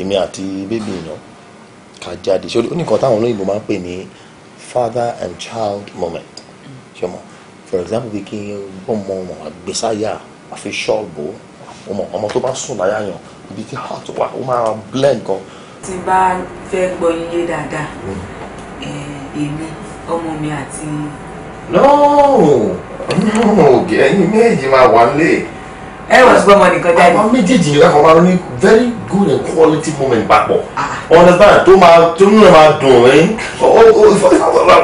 èmi àti bébì yàn ká jáde ṣé ó ní nǹkan táwọn olóyìnbó máa ń pè ní father and child moment ṣe mọ for example bí kí ọmọ ọmọ àgbésáyà àfi ṣọ́ọ̀bù ọmọ ọmọ tó bá sùn láyà yàn ibi tí heart wà ó máa blend kan. tí bá fẹ́ gbọ́ iye dáadáa hmm. èmi ọmọ mi àti. no no ẹyin méjì máa wà nílé ẹ wọ ṣùgbọ́n mo nìkan jáde. àwọn méjèèjì yìí lákọ̀ọ́ máa ní very good and quality moment papọ̀ ah. understand tó máa tó nínú máa dùn ẹ́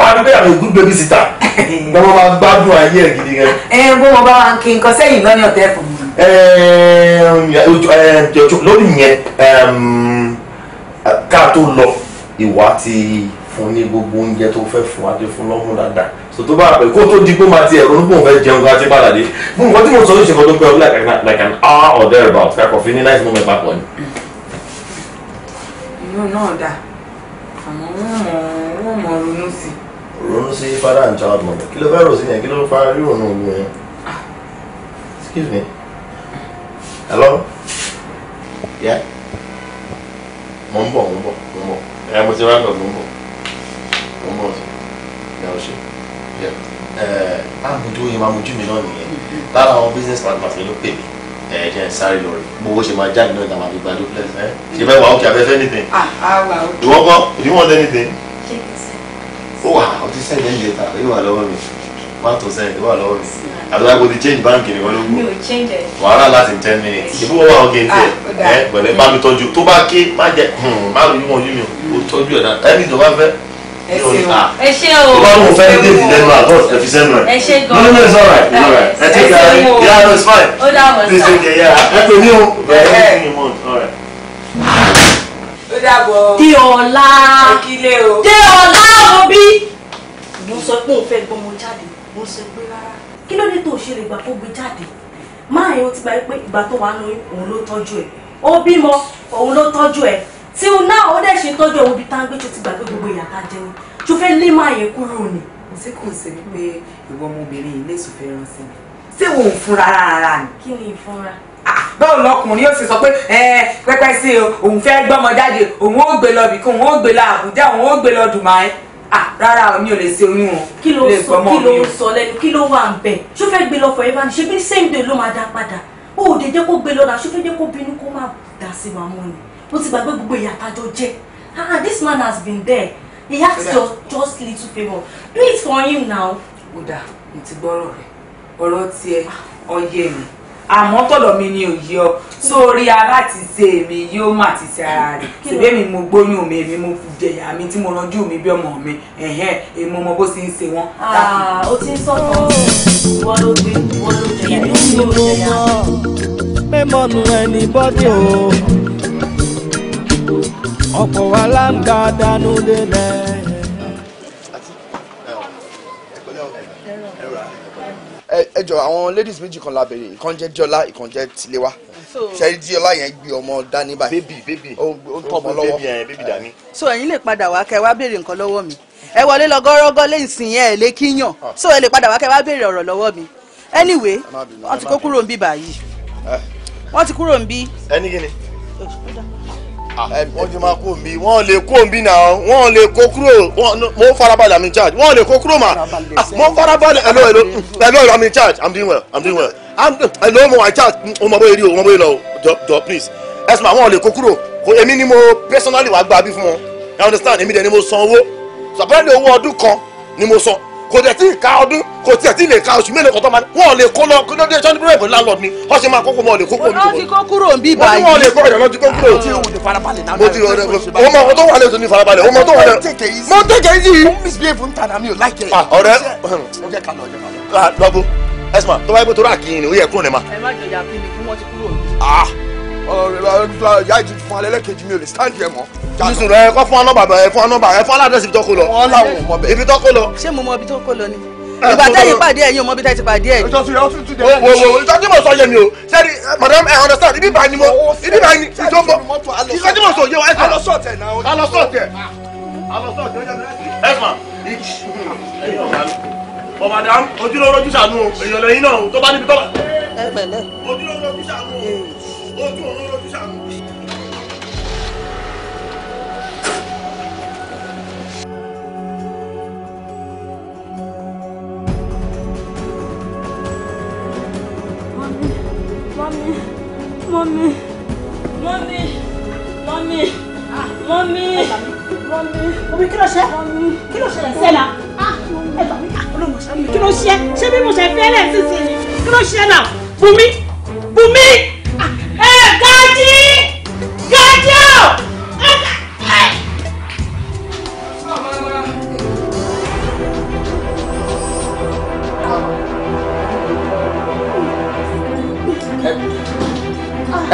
máa ní eh? bẹ́ẹ̀ good baby sitter gbọ́n [laughs] mo máa gbádùn ayé ẹ̀ gidi gan. ẹ bó mo bá wa ń kí nǹkan sẹ́yìn lọ́nà ọ̀tẹ́ fún mi. lórí yẹn ká tó lọ ìwà ti fún ní gbogbo oúnjẹ tó fẹ́ fún adé fún lọ́mú dáadáa so tó bá pẹ kó tó di pé máa ti ẹ̀rọ nígbò fẹ́ jẹun ká ti padà dé mo nǹkan tí mo sọ ní ìṣèkọ tó pẹ́ ọ like an hour or there about kakọ fi ní nice moment papọ̀ ni. ìlú náà dà àmọ́ wọ́n mọ̀ ronú sí. ronú sí father and child mother kí ló fẹ́ rò sí yẹn kí ló fa ríronú ogun yẹn ah. excuse me hello yeah mo ń bọ̀ mo ń bọ̀ mo ń bọ̀ ẹ̀ mo ti rántọ̀ mo ń bọ̀ mo ń bọ̀ sí ẹ̀ ọ́ ṣe àbùdó yẹn máa mojú mi náà nìyẹn lára àwọn business partners mi ló pè mí ẹ jẹ́ n sáré lọ rẹ̀ gbowó ṣe máa jáde náà ìdààmú àgbègbè àdókòlẹ̀ ẹ ṣe fẹ́ wà ókè abẹ́fẹ́ nìtẹ̀ ah, ah, ìwọ́n kọ́ ìdí wọn lẹ́ni tẹ̀ ó wà ó ti sẹ́yìn lẹ́yìn lẹ́ta ó wà lọ́wọ́ mi one to send ó wà lọ́wọ́ mi àbúrò àgbo ti change báńkì nìkan ló kù wàhálà láti ten minutes ìbúwọ́ wà ọ̀gẹ̀ ntẹ̀ ẹ pẹ̀lẹ́ bá mi tọ́jú tó bá ké má jẹ hmm, má lóyún wọn yún mi ò tọ́jú ẹ̀ dá ẹni tó bá fẹ́ ẹ ṣe o ìbá mo fẹ́ dé ti lẹ́nu àgọ́ ẹ fi sẹ́nu ẹ̀. ẹ ṣe gan. no no it's all right it's all right ẹ ti gàrí yeah no oh. it's fine. ó dàbọ̀ sá ẹ pè mí o. ó dàbọ̀. dé ọ̀la dé ọ̀la mo bí. mo sọ pé òun fẹ́ gbọ́ mo jáde mo sọ pé rárá kí ló dé tó ṣe lè gbà kó gbé jáde máa yẹn ó ti gba pé ìgbà tó wà nù òun ló tọ́jú ẹ̀ ó bímọ òun ló tọ́jú ẹ̀ till now ó dẹ̀ ṣe tọ́jú òun bíi táńgbé tó ti gbàgbé gbogbo ìyá ká jẹun tó fẹ́ lé máa yẹn kúrò ni. mo ṣe kò sí wípé ìwọ ọmọbìnrin ilé ìsòfẹ́ rán sí mi ṣé o ò fúnra rárá ni. kí ni ìfúnra. báwo lọkùnrin yóò ṣe sọ pé pẹpẹ sí o òun fẹ́ gbọ́mọ jáde òun ó gbé lọ bìkan òun ó gbé lọ Àbújá òun ó gbé lọ Dubai rárá mi ò lè ṣe oyún o kí ló sọ kí ló sọ lẹ́nu kí ló wà ń bẹ fẹ́ gbé lọ forever ṣe bí same day ló máa dá padà ó ò dé jẹ́ kó gbé lọ dà ṣó fẹ́ jẹ́ kó bínú kó má dá sí wa ni mo ti gbàgbé gbogbo ìyà àtàjọ jẹ ah, ah this man has been there he asked so just just little favour do it for him now. ó dà mo ti gbọ́rọ̀ rẹ̀ ọ̀rọ̀ tiẹ̀ ọyẹ ah. mi àmọ́ tọ̀dọ̀ mi ni òye ọ sórí ara ti ṣe èmi yóò má ti ṣe ara rẹ̀ ṣùgbọ́n èmi mo gbóyún mi èmi mo fi jẹ̀yà mi tí mo ranjú mi bí ọmọ mi ẹ̀hẹ́n èmi mo mọ bó ṣe ń ṣe wọ́n. Ah, ó ti ń sọ̀tọ̀ wọ́n ló gbé wọ́n ló jẹ̀yà èmi ló jẹ̀yà. mímọ́nu ẹni bọ́dí o ọ̀pọ̀ wa láǹkà dánú délẹ̀. ẹ jọ àwọn ladies méjì kan la béèrè ìkan jẹ́ jọlá ìkan jẹ́ tiléwá ṣẹ́rí tí ọlá yẹn gbé ọmọ dání báyìí bébì bébì ó ń so ẹ̀yin lè padà wá kẹ́ wá béèrè nǹkan lọ́wọ́ mi ẹ wọlé lọ gọ́rọ́gọ́ lẹ́yìn sìn yẹn ẹ̀ ah. so ẹ lè padà wá kẹ́ wá béèrè ọ̀rọ̀ lọ́wọ́ mi anyway wọ́n ti kó kúrò ń bí báyìí eh. wọ́n ti kúrò ń bí. ẹni kí Ah. wọ́n ti máa kó mi wọ́n lè kó mi náà wọ́n lè kó kúrò mo farabalẹ̀ àmì charge wọ́n lè kó kúrò mà ah, mo farabalẹ̀ hello hello hello àmì charge i'm doing well i'm doing well i'm hello mo wà charge o mọ̀ bóyá rí o mọ̀ bóyá lọ jọ please ẹ̀sùn àwọn lè kó kúrò èmi ni mo personally wà gba bí fún wọn you understand èmi dẹ̀ ni mo san owó sàpẹ́lẹ̀ owó ọdún kan ni mo san kò dẹ̀ tí ì ka ọdún kò tiẹ̀ tí ì lè ka oṣù mélòó kan tó máa ní wọn ò lè kó lọ kí ló dé sọ́ni bírò ìbò lálọ́ ni wọ́n ṣe máa kókó mọ́ ọ lè kókó ní ìbò. wọ́n ti kó kúrò ń bí báyìí. wọ́n ti kó kúrò ń bí báyìí. mo ti wò ní farabalẹ̀ náà. mo ti wò ní ọmọ tó wà lẹ́sọ̀ ní farabalẹ̀ ọmọ tó wà lẹ́sọ̀. mo tẹ̀kẹ̀ yìí. mo misbehave ń tàdá mi ò láìkẹ́. Ah, ọ̀rẹ́ lọ́gbó ẹ̀sìn ma tó bá yẹ kó tó rà kí ni ó yẹ kúrò ní ma. ẹ má jọjà kí ni kí wọ́n ti kúrò ní. Ah ìyá ìtú fún alẹ́ lẹ́kẹ̀jì mi ò lè stand here, mọ́. sísun rẹ kọ́ fún anọ́bà ẹ fún anọ́bà ẹ fún aládọ́sì ibi tó kó lọ. wọ́n láwọn ò mọ ibi tó kó lọ. ṣé mo mọ ibi tó kó lọ ni. ìgbà tẹ́yìn pàdé ẹ̀yin ò mọ tẹ́yìn pàdé ẹ̀yin. ìtọ́sí rẹ̀ ó tún tún dé. wo ojúlówó lójú èèyàn lẹ́yìn náà tó bá níbi tó bá. ẹ pẹ̀lẹ́ ojúlówó lójú ó tún òun lójú sàmú. Mommy, mommy, mommy, mommy, mommy, mommy, kí ló ṣe? Kí ló ṣe lẹ́sẹ̀ ah, náà? Ah, kí ló ṣe? Ṣé bí mo ṣe fẹ́ lẹ́sìn sí ni? Kí ló ṣe náà? Bùnmi, Bùnmi.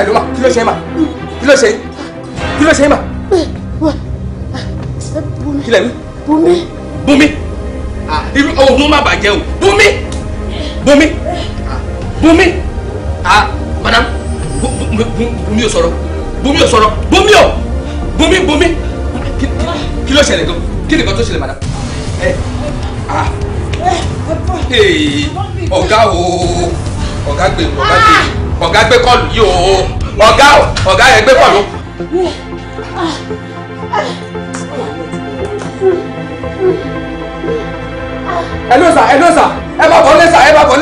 ẹ̀dùnmá kí ló ṣe é kí ló ṣe kí ló ṣe é mà. Bùnmi kí lè wí. Bùnmi. Bùnmi irú oògùn má bàjẹ́ o Bùnmi Bùnmi Bùnmi madam Bùnmi ò sọ̀rọ̀. Bùnmi ò sọ̀rọ̀ Bùnmi ò Bùnmi Bùnmi kí ló ṣẹlẹ̀ gan kí nìkan tó ṣẹlẹ̀ madam. ẹ ah ọ̀gá o ọ̀gá gbé ọ̀gá gbé ọ̀gá gbé kọ́ọ̀lù yìí o ọ̀gá o ọ̀gá yẹn gbé kọ́ọ̀lù. ẹ ló sà ẹ ló sà ẹ bá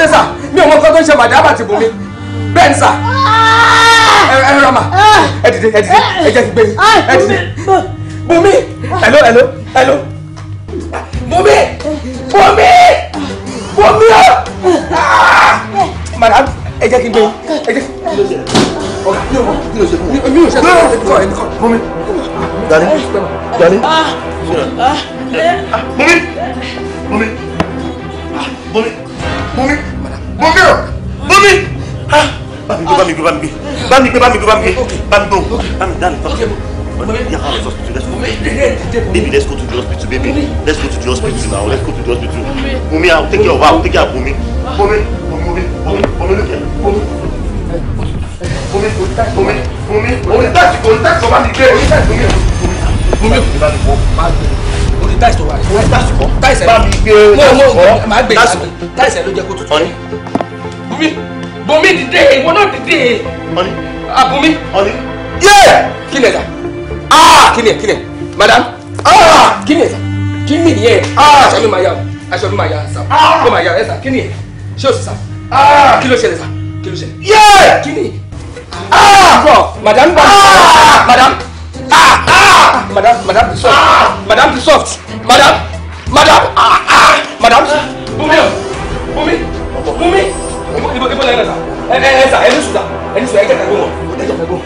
mi ò mọ nǹkan tó ń ṣe màdàbà ti bùnmi bẹ́ẹ̀ ni sà ah! ẹ rama ah! ẹ dìde ẹ dìde ẹ jẹ́ kí gbé ah! ẹ dìde Bùnmi hello hello hello Bùnmi Bùnmi Bùnmi o madam ẹ jẹ́ kí gbé yín ẹ jẹ́ kí ọ̀gá mi ò mi ò ṣe fún mi ò ṣe fún mi ẹ̀kọ́ ẹ̀kọ́ Bùnmi eh? Bùnmi Bùnmi Bùnmi Bùnmi Bùnmi o bá mi gbé bá mi gbé bá mi gbé bá mi gbé bá mi gbé bá mi gbé bá mi down talk yeah how is hospital let's go baby let's go to the hospital baby let's go to the hospital now let's go to the hospital mummy i'll take care of her i'll take care of mummy mummy mummy mummy mummy look here mummy mummy mummy mummy mummy touch go touch go bá mi gbé mummy touch go mummy mummy bá mi gbé bá mi gbé ní táìsì tó wà rẹ̀. wọ́n táìsì kọ́ táìsì ẹ̀ ló jẹ́ kó tutù. ọ̀nì. Bùnmi dìde ìwọ náà dìde. Ọ̀nì. Àbùnmi. Ọ̀nì. Yé! Kí ni ẹ̀ sà? Ah, kí ni ẹ̀ kí ni Madam. Ah, kí ni ẹ̀ sà? Kí ni ìyẹn? Ah, aṣọ mi máa yá o. Aṣọ mi máa yá sà. Ó máa yá ẹ̀ sà. Kí ni ẹ̀? Ṣé o sì sà? Kí ló ṣẹlẹ̀ sà? Kí ló ṣẹlẹ̀? Yé! Kí ni? Bọ̀ madam bọ̀ madam madam madam be soft madam be soft madam madam madam. Bùnmi o Bùnmi Bùnmi ibo ibo lẹ́yìn ẹ̀sà ẹ̀sà ẹ̀mí sùdà ẹ̀mí sùdà ẹ̀jẹ̀ kàgbọ́n wọn ẹ̀jẹ̀ kàgbọ́n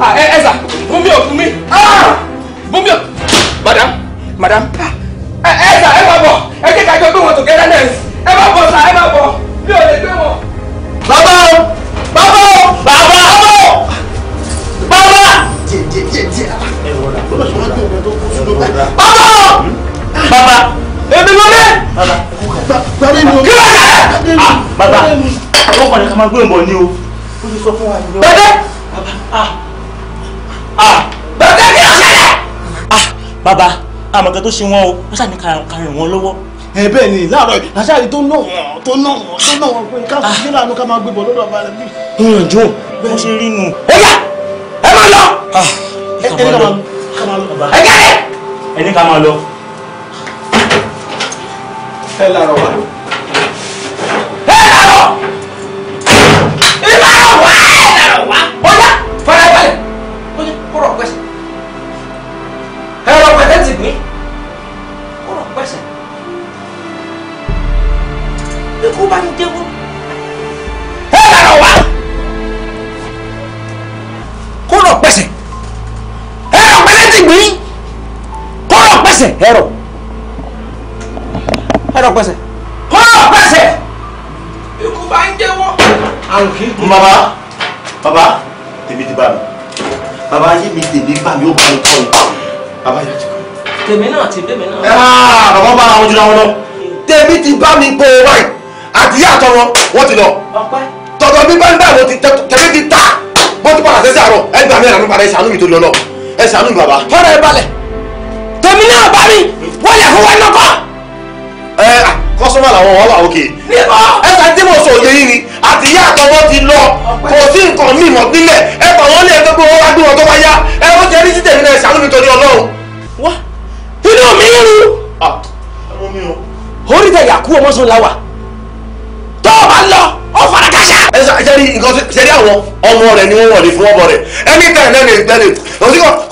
wọn ẹ̀sà fún mi ò fún mi fún mi ò madam madam ẹ̀sà ẹ̀ máa bọ̀ ẹ̀jẹ̀ kàgbọ́n gbé wọn tòkẹ́rẹ́ náà ẹ̀ máa bọ̀ sà ẹ̀ máa bọ̀ mi ò lè gbé wọn. bàbá o bàbá o bàbá o bàbá. díẹ̀ díẹ̀ díẹ̀ díẹ̀ bàbá o bàbá èmi ló dé. kí ló dé. Ah, bàbá àwọn kan ní ká máa gbé ìbọn ní o. ó ti sọ fún wa ìlú. bẹ́ẹ̀ bẹ́ẹ̀ bẹ́ẹ̀ kí ló ṣẹlẹ̀. Ah, bàbá àmọ̀kẹ́ tó ṣe wọ́n o wọ́n ṣàní karùn-ún wọn lọ́wọ́ ẹ bẹ́ẹ̀ ni láàárọ̀ làṣàrí tó ná wọn tó ná wọn tó ná wọn pé ká sì ah. sí láàánú ká máa gbé bọ̀ lọ́dọ̀ balẹ̀ bí. ìyànjú bó ṣe rí nu. ó yá ẹ máa lọ. ẹ ní ká máa lọ. ẹ jáde. ẹ ní ká máa lọ. Hero! làrọ̀ wá. ẹ làrọ̀ ìlàrọ̀ wá ẹ làrọ̀ wá. bóyá farabalẹ̀ bóyá kúrò pẹ̀sẹ̀ ẹ̀rọ pẹ̀sẹ̀ ti gbìn kúrò pẹ̀sẹ̀ ikú bá ń dégún. ẹ làrọ̀ wá kúrò pẹ̀sẹ̀ ẹ̀rọ ẹ̀rọ pẹ̀sẹ̀. kọ́ọ̀ pẹ̀sẹ̀. ikú bá ń jẹ́wọ́. àrùn kì í kú. bàbá bàbá tèmi ti bá mi bàbá ayé mi tèmi bá mi ó bá mi tọ́ mi bàbá yà jẹ́ kọ́. tèmi náà ti bẹ́ẹ̀ mi náà. bàbá bá àwọn ojú náà lọ. tèmi ti bá mi gbòòrò báyìí àti yá àtọ̀rọ̀ wọ́n ti lọ. ọpẹ́. tọ̀dọ̀ mi bá ń bá àwọn tèmi ti ta bó ti padà sẹ́sẹ́ àrọ̀ ẹ gbà mí ẹ̀rọ padà ẹ ṣàánú mi tó lọ lọ ẹ ṣàánú mi bàbá. fọ́nrẹ́ balẹ̀ tèmi náà bá mi wọ́n yà fún wa náà kọ́ ẹ kọ́sọ́mà ah, làwọn wọ́n wà òkè. ẹ̀ka tí mo sọ òye yìí ni àti ìyá àtọwọ́ ti lọ kò sí nǹkan mi mọ̀ nílẹ̀ ẹ bà wọ́n lé ẹgbẹ́ wọn wá gbé wọn tó bá yá ẹ ó jẹ́ rísí tèmi náà ṣàánú mi torí ọlọ́run. wá inú mi rú. Ah, orí tẹ yàkú ọmọ sọ la wà tó o bá lọ ó fara káṣá. ẹ sọ sẹ́rí nǹkan sẹ́rí àwọn ọmọ rẹ̀ ni wọ́n wọ̀ ní fún ọmọ rẹ̀ ẹni tẹ̀lé ní tẹ̀lé kò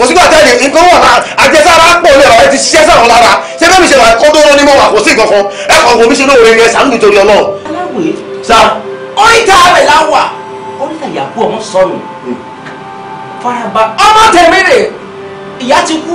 sígbà tẹ̀lé nǹkan wọ̀ náà àjẹsára pọ̀ lẹ́rọ ẹ ti ṣiṣẹ́ sáwọn lára ṣé bẹ́ẹ̀ mi ṣe wà kó tó rán ní mọ́ wà kò sí nǹkan kan ẹ kàn wò mí ṣe lóore ni ẹ sàánú nítorí Ọlọ́run. aláwòye sa. oríta rẹ̀ la wà oríta ìyàgbọ́ ọmọ sọnù hmm. faraba ọmọ tẹ̀mí rẹ̀ ìyá ti kú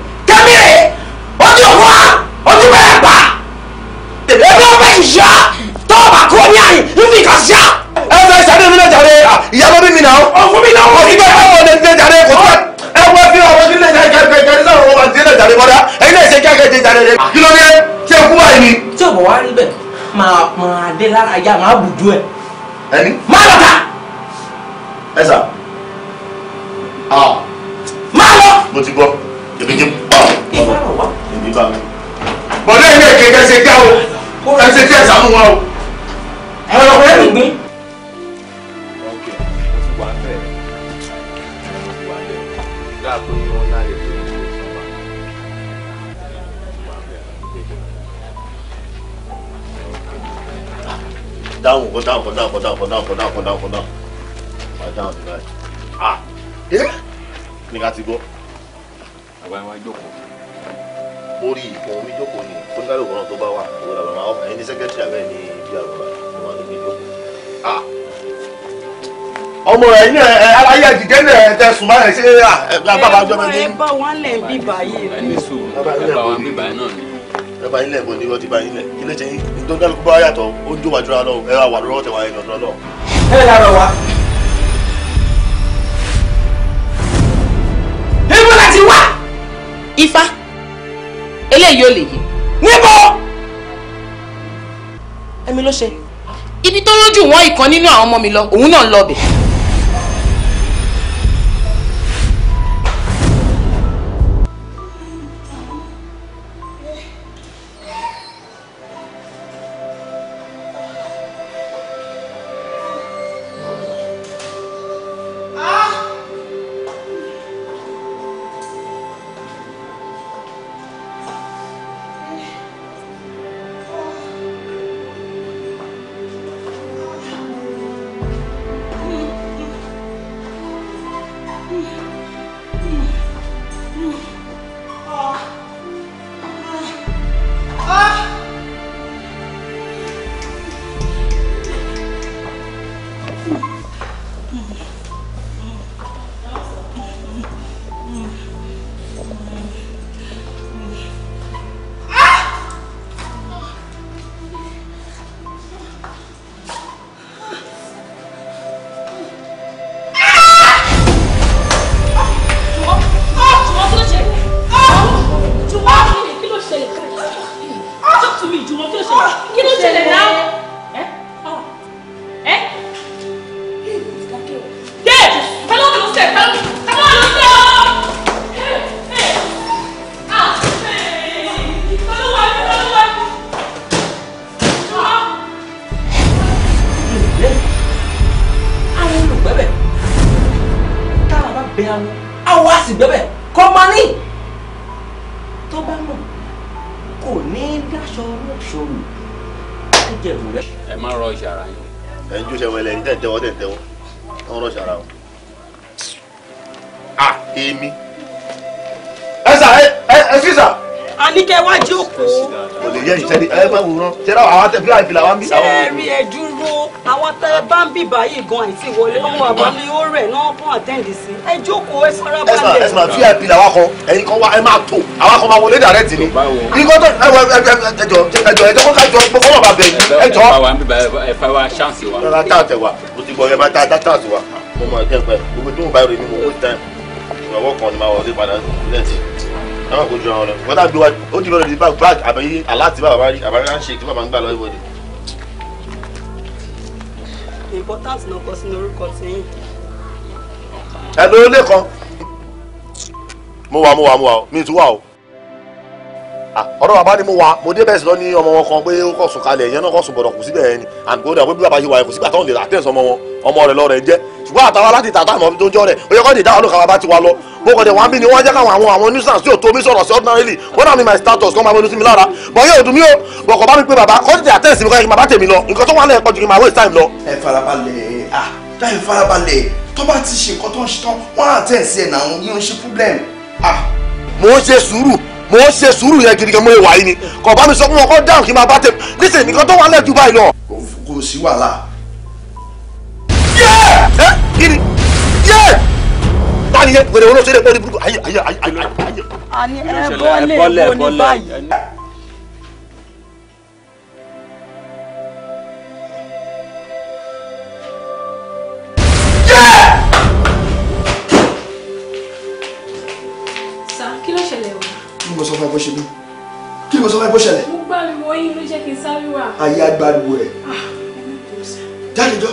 àbùdó ẹ̀. ayé ẹ̀dìdé lẹ̀ ẹ̀dẹ̀ sùn báyẹn ṣé àbábà ọjọ́ mẹ́jọ. ẹ bá wọn lẹ̀ bí báyìí. ẹ bá wọn bí báyìí náà ni. ẹ bá yín lẹ̀ mo ní wọ́n ti bá yín lẹ̀ ilé ṣe ní tó dálùkú bá yàtọ̀ ó ń jó wájú lọ́wọ́ ẹ wà lọ́wọ́ tẹ̀wá yẹn lọ́wọ́. ẹ lára wa. ibo la ti wá. ifá eléyìí ò lè yé. níbo. ẹ̀mí ló ṣe. ibi tó lójú wọn ìkan nínú àwọn ọmọ mi lọ òun náà lọ bẹ̀. wòran ṣẹlẹ àwọn tẹ fúlàní fìlà wa ń bí. sẹ́ẹ̀rì ẹ̀ dúró àwọn tẹ bá ń bì báyìí gan àìsí ìwọlé lọ́wọ́ àbámi ó rẹ̀ náà fún àtẹ́ǹdì sí. ẹ jókòó ẹ fara balẹ̀. ẹ sọ vip làwa kan ẹyin kan wá ẹ máa tó àwa kan máa wọlé dàrẹ́ tì ní. ikọ́ tó ẹ wọ ẹjọ ẹjọ ẹjọ kó kájọ gbogbo wọn bá bẹ yìí ẹjọ. ẹ fà wá ṣáǹsì wa. rárá tá àtẹ wa mo ti gbọ́ ẹ bá tá àtàtàtì wa mo mọ̀ ẹ̀ náà kò jọ ọ wọn náà gbé wa ó dì lọ́dọ̀ ní báàgì báàgì àbẹ̀yí aláàtì bàbá rí àbá rán ṣe kí bàbá ń gbà lọ́wọ́ ìwọ́de. important náà kọ sínú orúkọ tiyín. ẹ ló lé kan mo wà mo wà mo wà mi tún wà o ah, ọ̀rọ̀ bàbá ni mo wà mo dé bẹ́ẹ̀ lọ ní ọmọ wọn kan pé ó kọ̀ sùn kalẹ̀ ìyẹn náà kọ̀ sùn gbọ̀dọ̀ kù síbẹ̀ ẹni and kódà pé bí bàbá ṣe wà yẹn kò sígbà táwọn lè rà tẹ̀sán ọmọ wọn ọmọ rẹ̀ lọ rẹ̀ jẹ́ ṣùgbọ́n àtàwọn aláti tàtà àmọ́ tó ń jọ rẹ̀ ó yẹ kọ́ lè dá àwọn olùkọ́ bàbá ti wa lọ mo kàn dé wá bí ni wọ́n jẹ́ káwọn àwọn àwọn nuisance yóò tó mi sọ̀rọ̀ sí ordinarily wọ́n dà mí my status kọ́ máa bẹnu sí mi lára bọ̀ yóò dùn mí o bọ̀ kọ́ bá mi pé bàbá kọ́ tètè àtẹ́ ìsinmi kọ́ bàbá tèmi lọ nǹkan tó wà lẹ́yìn pọ̀jù kí máa waste time lọ. ẹ farabalẹ̀ ah táyì farabalẹ̀ tó bá ti ṣe nǹkan tó ń ṣe tán wọ́n á tẹ̀ sí ẹ̀ náà yóò ṣe problem ah. mo ń ṣe sùúrù mo ń ṣe sùúrù yẹn gidi gan mo wà yìí ni kò bá mi sọ fún wọn kó dáhùn kí n máa bá tẹ nísìnyí nǹkan tó wà lẹ́jù báyìí lọ. kò sí wàhálà. yẹ́ẹ̀ ẹ́ kí ni yẹ́ẹ̀ wà nìyẹn wèrè wọn ló ṣe é pọ́lí burúkú ayé ayé ayé ayé. àní ẹ bọ́lẹ̀ ẹ kí ló sọ fún ẹ bó ṣe bí kí ló sọ fún ẹ bó ṣẹlẹ̀. mo gbàgbọ́ yín ló jẹ́ kí n sáré wà. ayé agbáriwo ẹ̀. dáàdì jọ.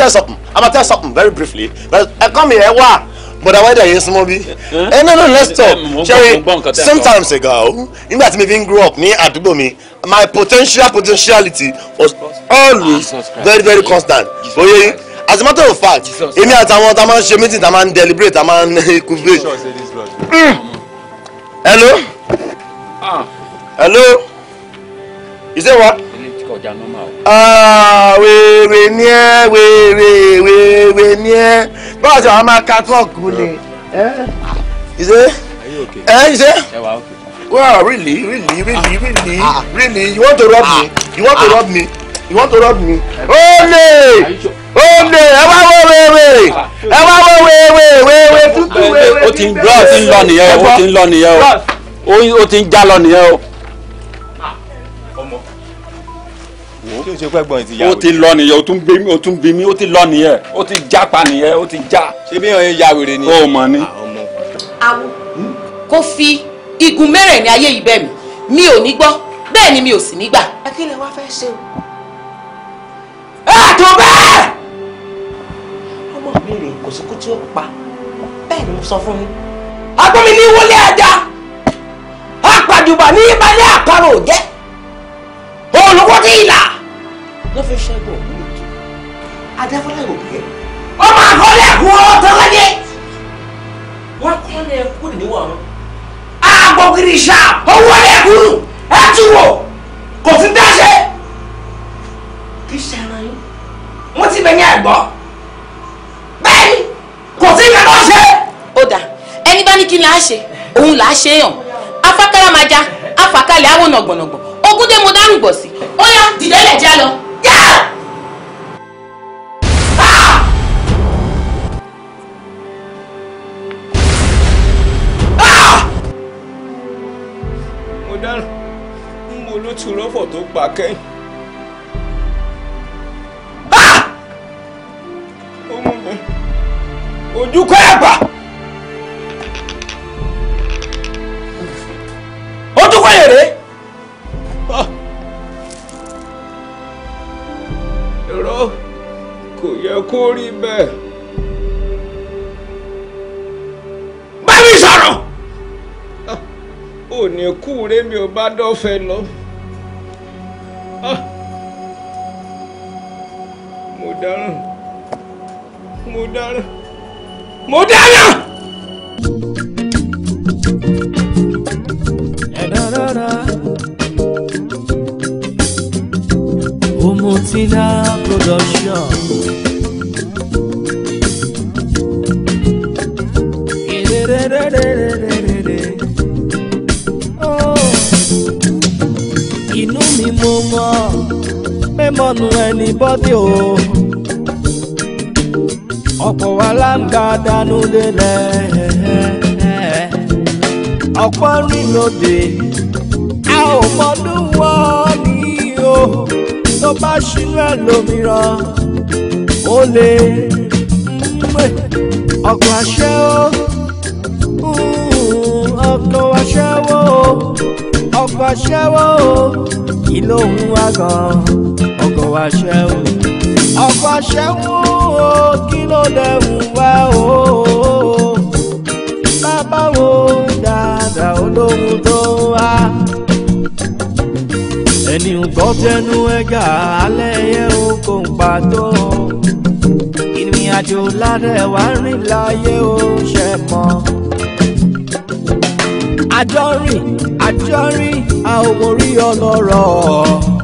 tell something i'm gonna tell something very briefly but ẹ kàn mí ẹ wá bọ̀dà wáyé dàyé súnmọ́ bí. Eh no no let's talk jerry eh, sometimes ago nígbà tí mi fi ń grow up ní àdúgbò mi my potential potentiality was always ah, very very constant oye as a matter of fact èmi àtàwọn tá a máa ń ṣe meeting tá a máa ń deliberate tá a máa ń equilibrate. [laughs] Hmm. hello ah. hello you say what. Ah, wèrè ni ẹ wèrè wèrè ni ẹ bọ́ọ̀sì àwọn máa ka tọ́ọ̀kù ni ṣe ẹ ṣe wow really really really really ah, ah. really you want to rob me you want to rob me you want to rob me olè olè ẹ wá wọ wèrè ẹ wá wọ wèrè wèrè tútù wèrè. ó ti ń lọ nìyẹn o ó ti ń lọ nìyẹn o ó ti ń já lọ nìyẹn o. kí o ṣe pẹ́ gbọ́n ìtìyàwó. ó ti lọ nìyẹn o tún bí mi o tún bí mi o ti lọ nìyẹn o ti jápa nìyẹn o ti já. ṣé bí wọn ya wèrè ni. o mọ ni. awo ah, kò fi igun mẹ́rẹ̀ ní ayé yìí bẹ́ẹ̀ mi mi ò ní gbọ́ bẹ́ẹ̀ ni mi ò sì ní gbà. akílẹ̀ wá fẹ́ ṣe o. ẹ tó bẹ́ẹ̀. ọmọ mi rè kò sí kú tí ó pa bẹ́ẹ̀ ni mo sọ fún yín. agbómi ní wọlé ajá apàdùbà ní ìbálẹ̀ àparò jẹ́ olùkọ́ tí ì ló fi ṣẹ́gun òun lòdì adáfọ́lá yóò bẹ́ẹ̀ ọmọ àkọọ́lẹ̀ ẹ̀kú ọwọ́ tọ́lá dé wọ́n kọ́lẹ̀ ẹ̀kú níwọ̀ ọ̀run àgbọ̀gìrì ṣá owó ẹ̀kú ẹ̀ tún wò kò tún dáṣẹ́ kì í ṣe ara yín mo ti bẹ̀ ní ẹ̀gbọ́ bẹ́ẹ̀ ni kò tí ì kẹ́kọ̀ọ́ ṣe. ó dà ẹni bá ní kí n là á ṣe òun là á ṣe é hàn afákàrà máa já afàkàlẹ̀ àwọn ọ̀nà gbọ̀nàgbọ̀n ogúndé mo dárúgbọ̀ sí ó yá dìde já lọ. tí rọ́fọ̀ tó pa kẹ́yìn. ó mú mi ojú kọ́ ẹ̀ pa. ojú kọ́ èrè. Ah! èrò kò yẹ kó rí bẹ́ẹ̀. bá mi sọ̀rọ̀. ò ah! ní kú rémi ò bá dọ́fẹ́ lọ. dára mo dára. ẹ̀dá omotila production. Oh. inú mi mo mọ pé mọ̀nù ẹni bọ́dí o ọ̀pọ̀ wa láǹgá dánú délẹ̀ ọ̀pọ̀ rìnlóde a ò mọdún wọn ní o tó bá ṣínú ẹ̀ lómìíràn ó lè ọkọ̀ àṣẹ ó ọkọ̀ àṣẹ ó ọkọ̀ àṣẹ ó kí ló ń wá gan ọkọ̀ àṣẹ ó ọkọ̀ àṣẹ ó ló dẹ̀ hùwà o. bàbá wo dáadáa olóhùn tó wá. ẹni ǹkọ́ tẹnu ẹja alẹ́ yẹ oko ń pàtó. ìrìn àjò ládẹ̀ wá rìn láyé ó ṣe mọ́. àjọ rìn àjọ rìn a ò mórí ọlọ́rọ̀.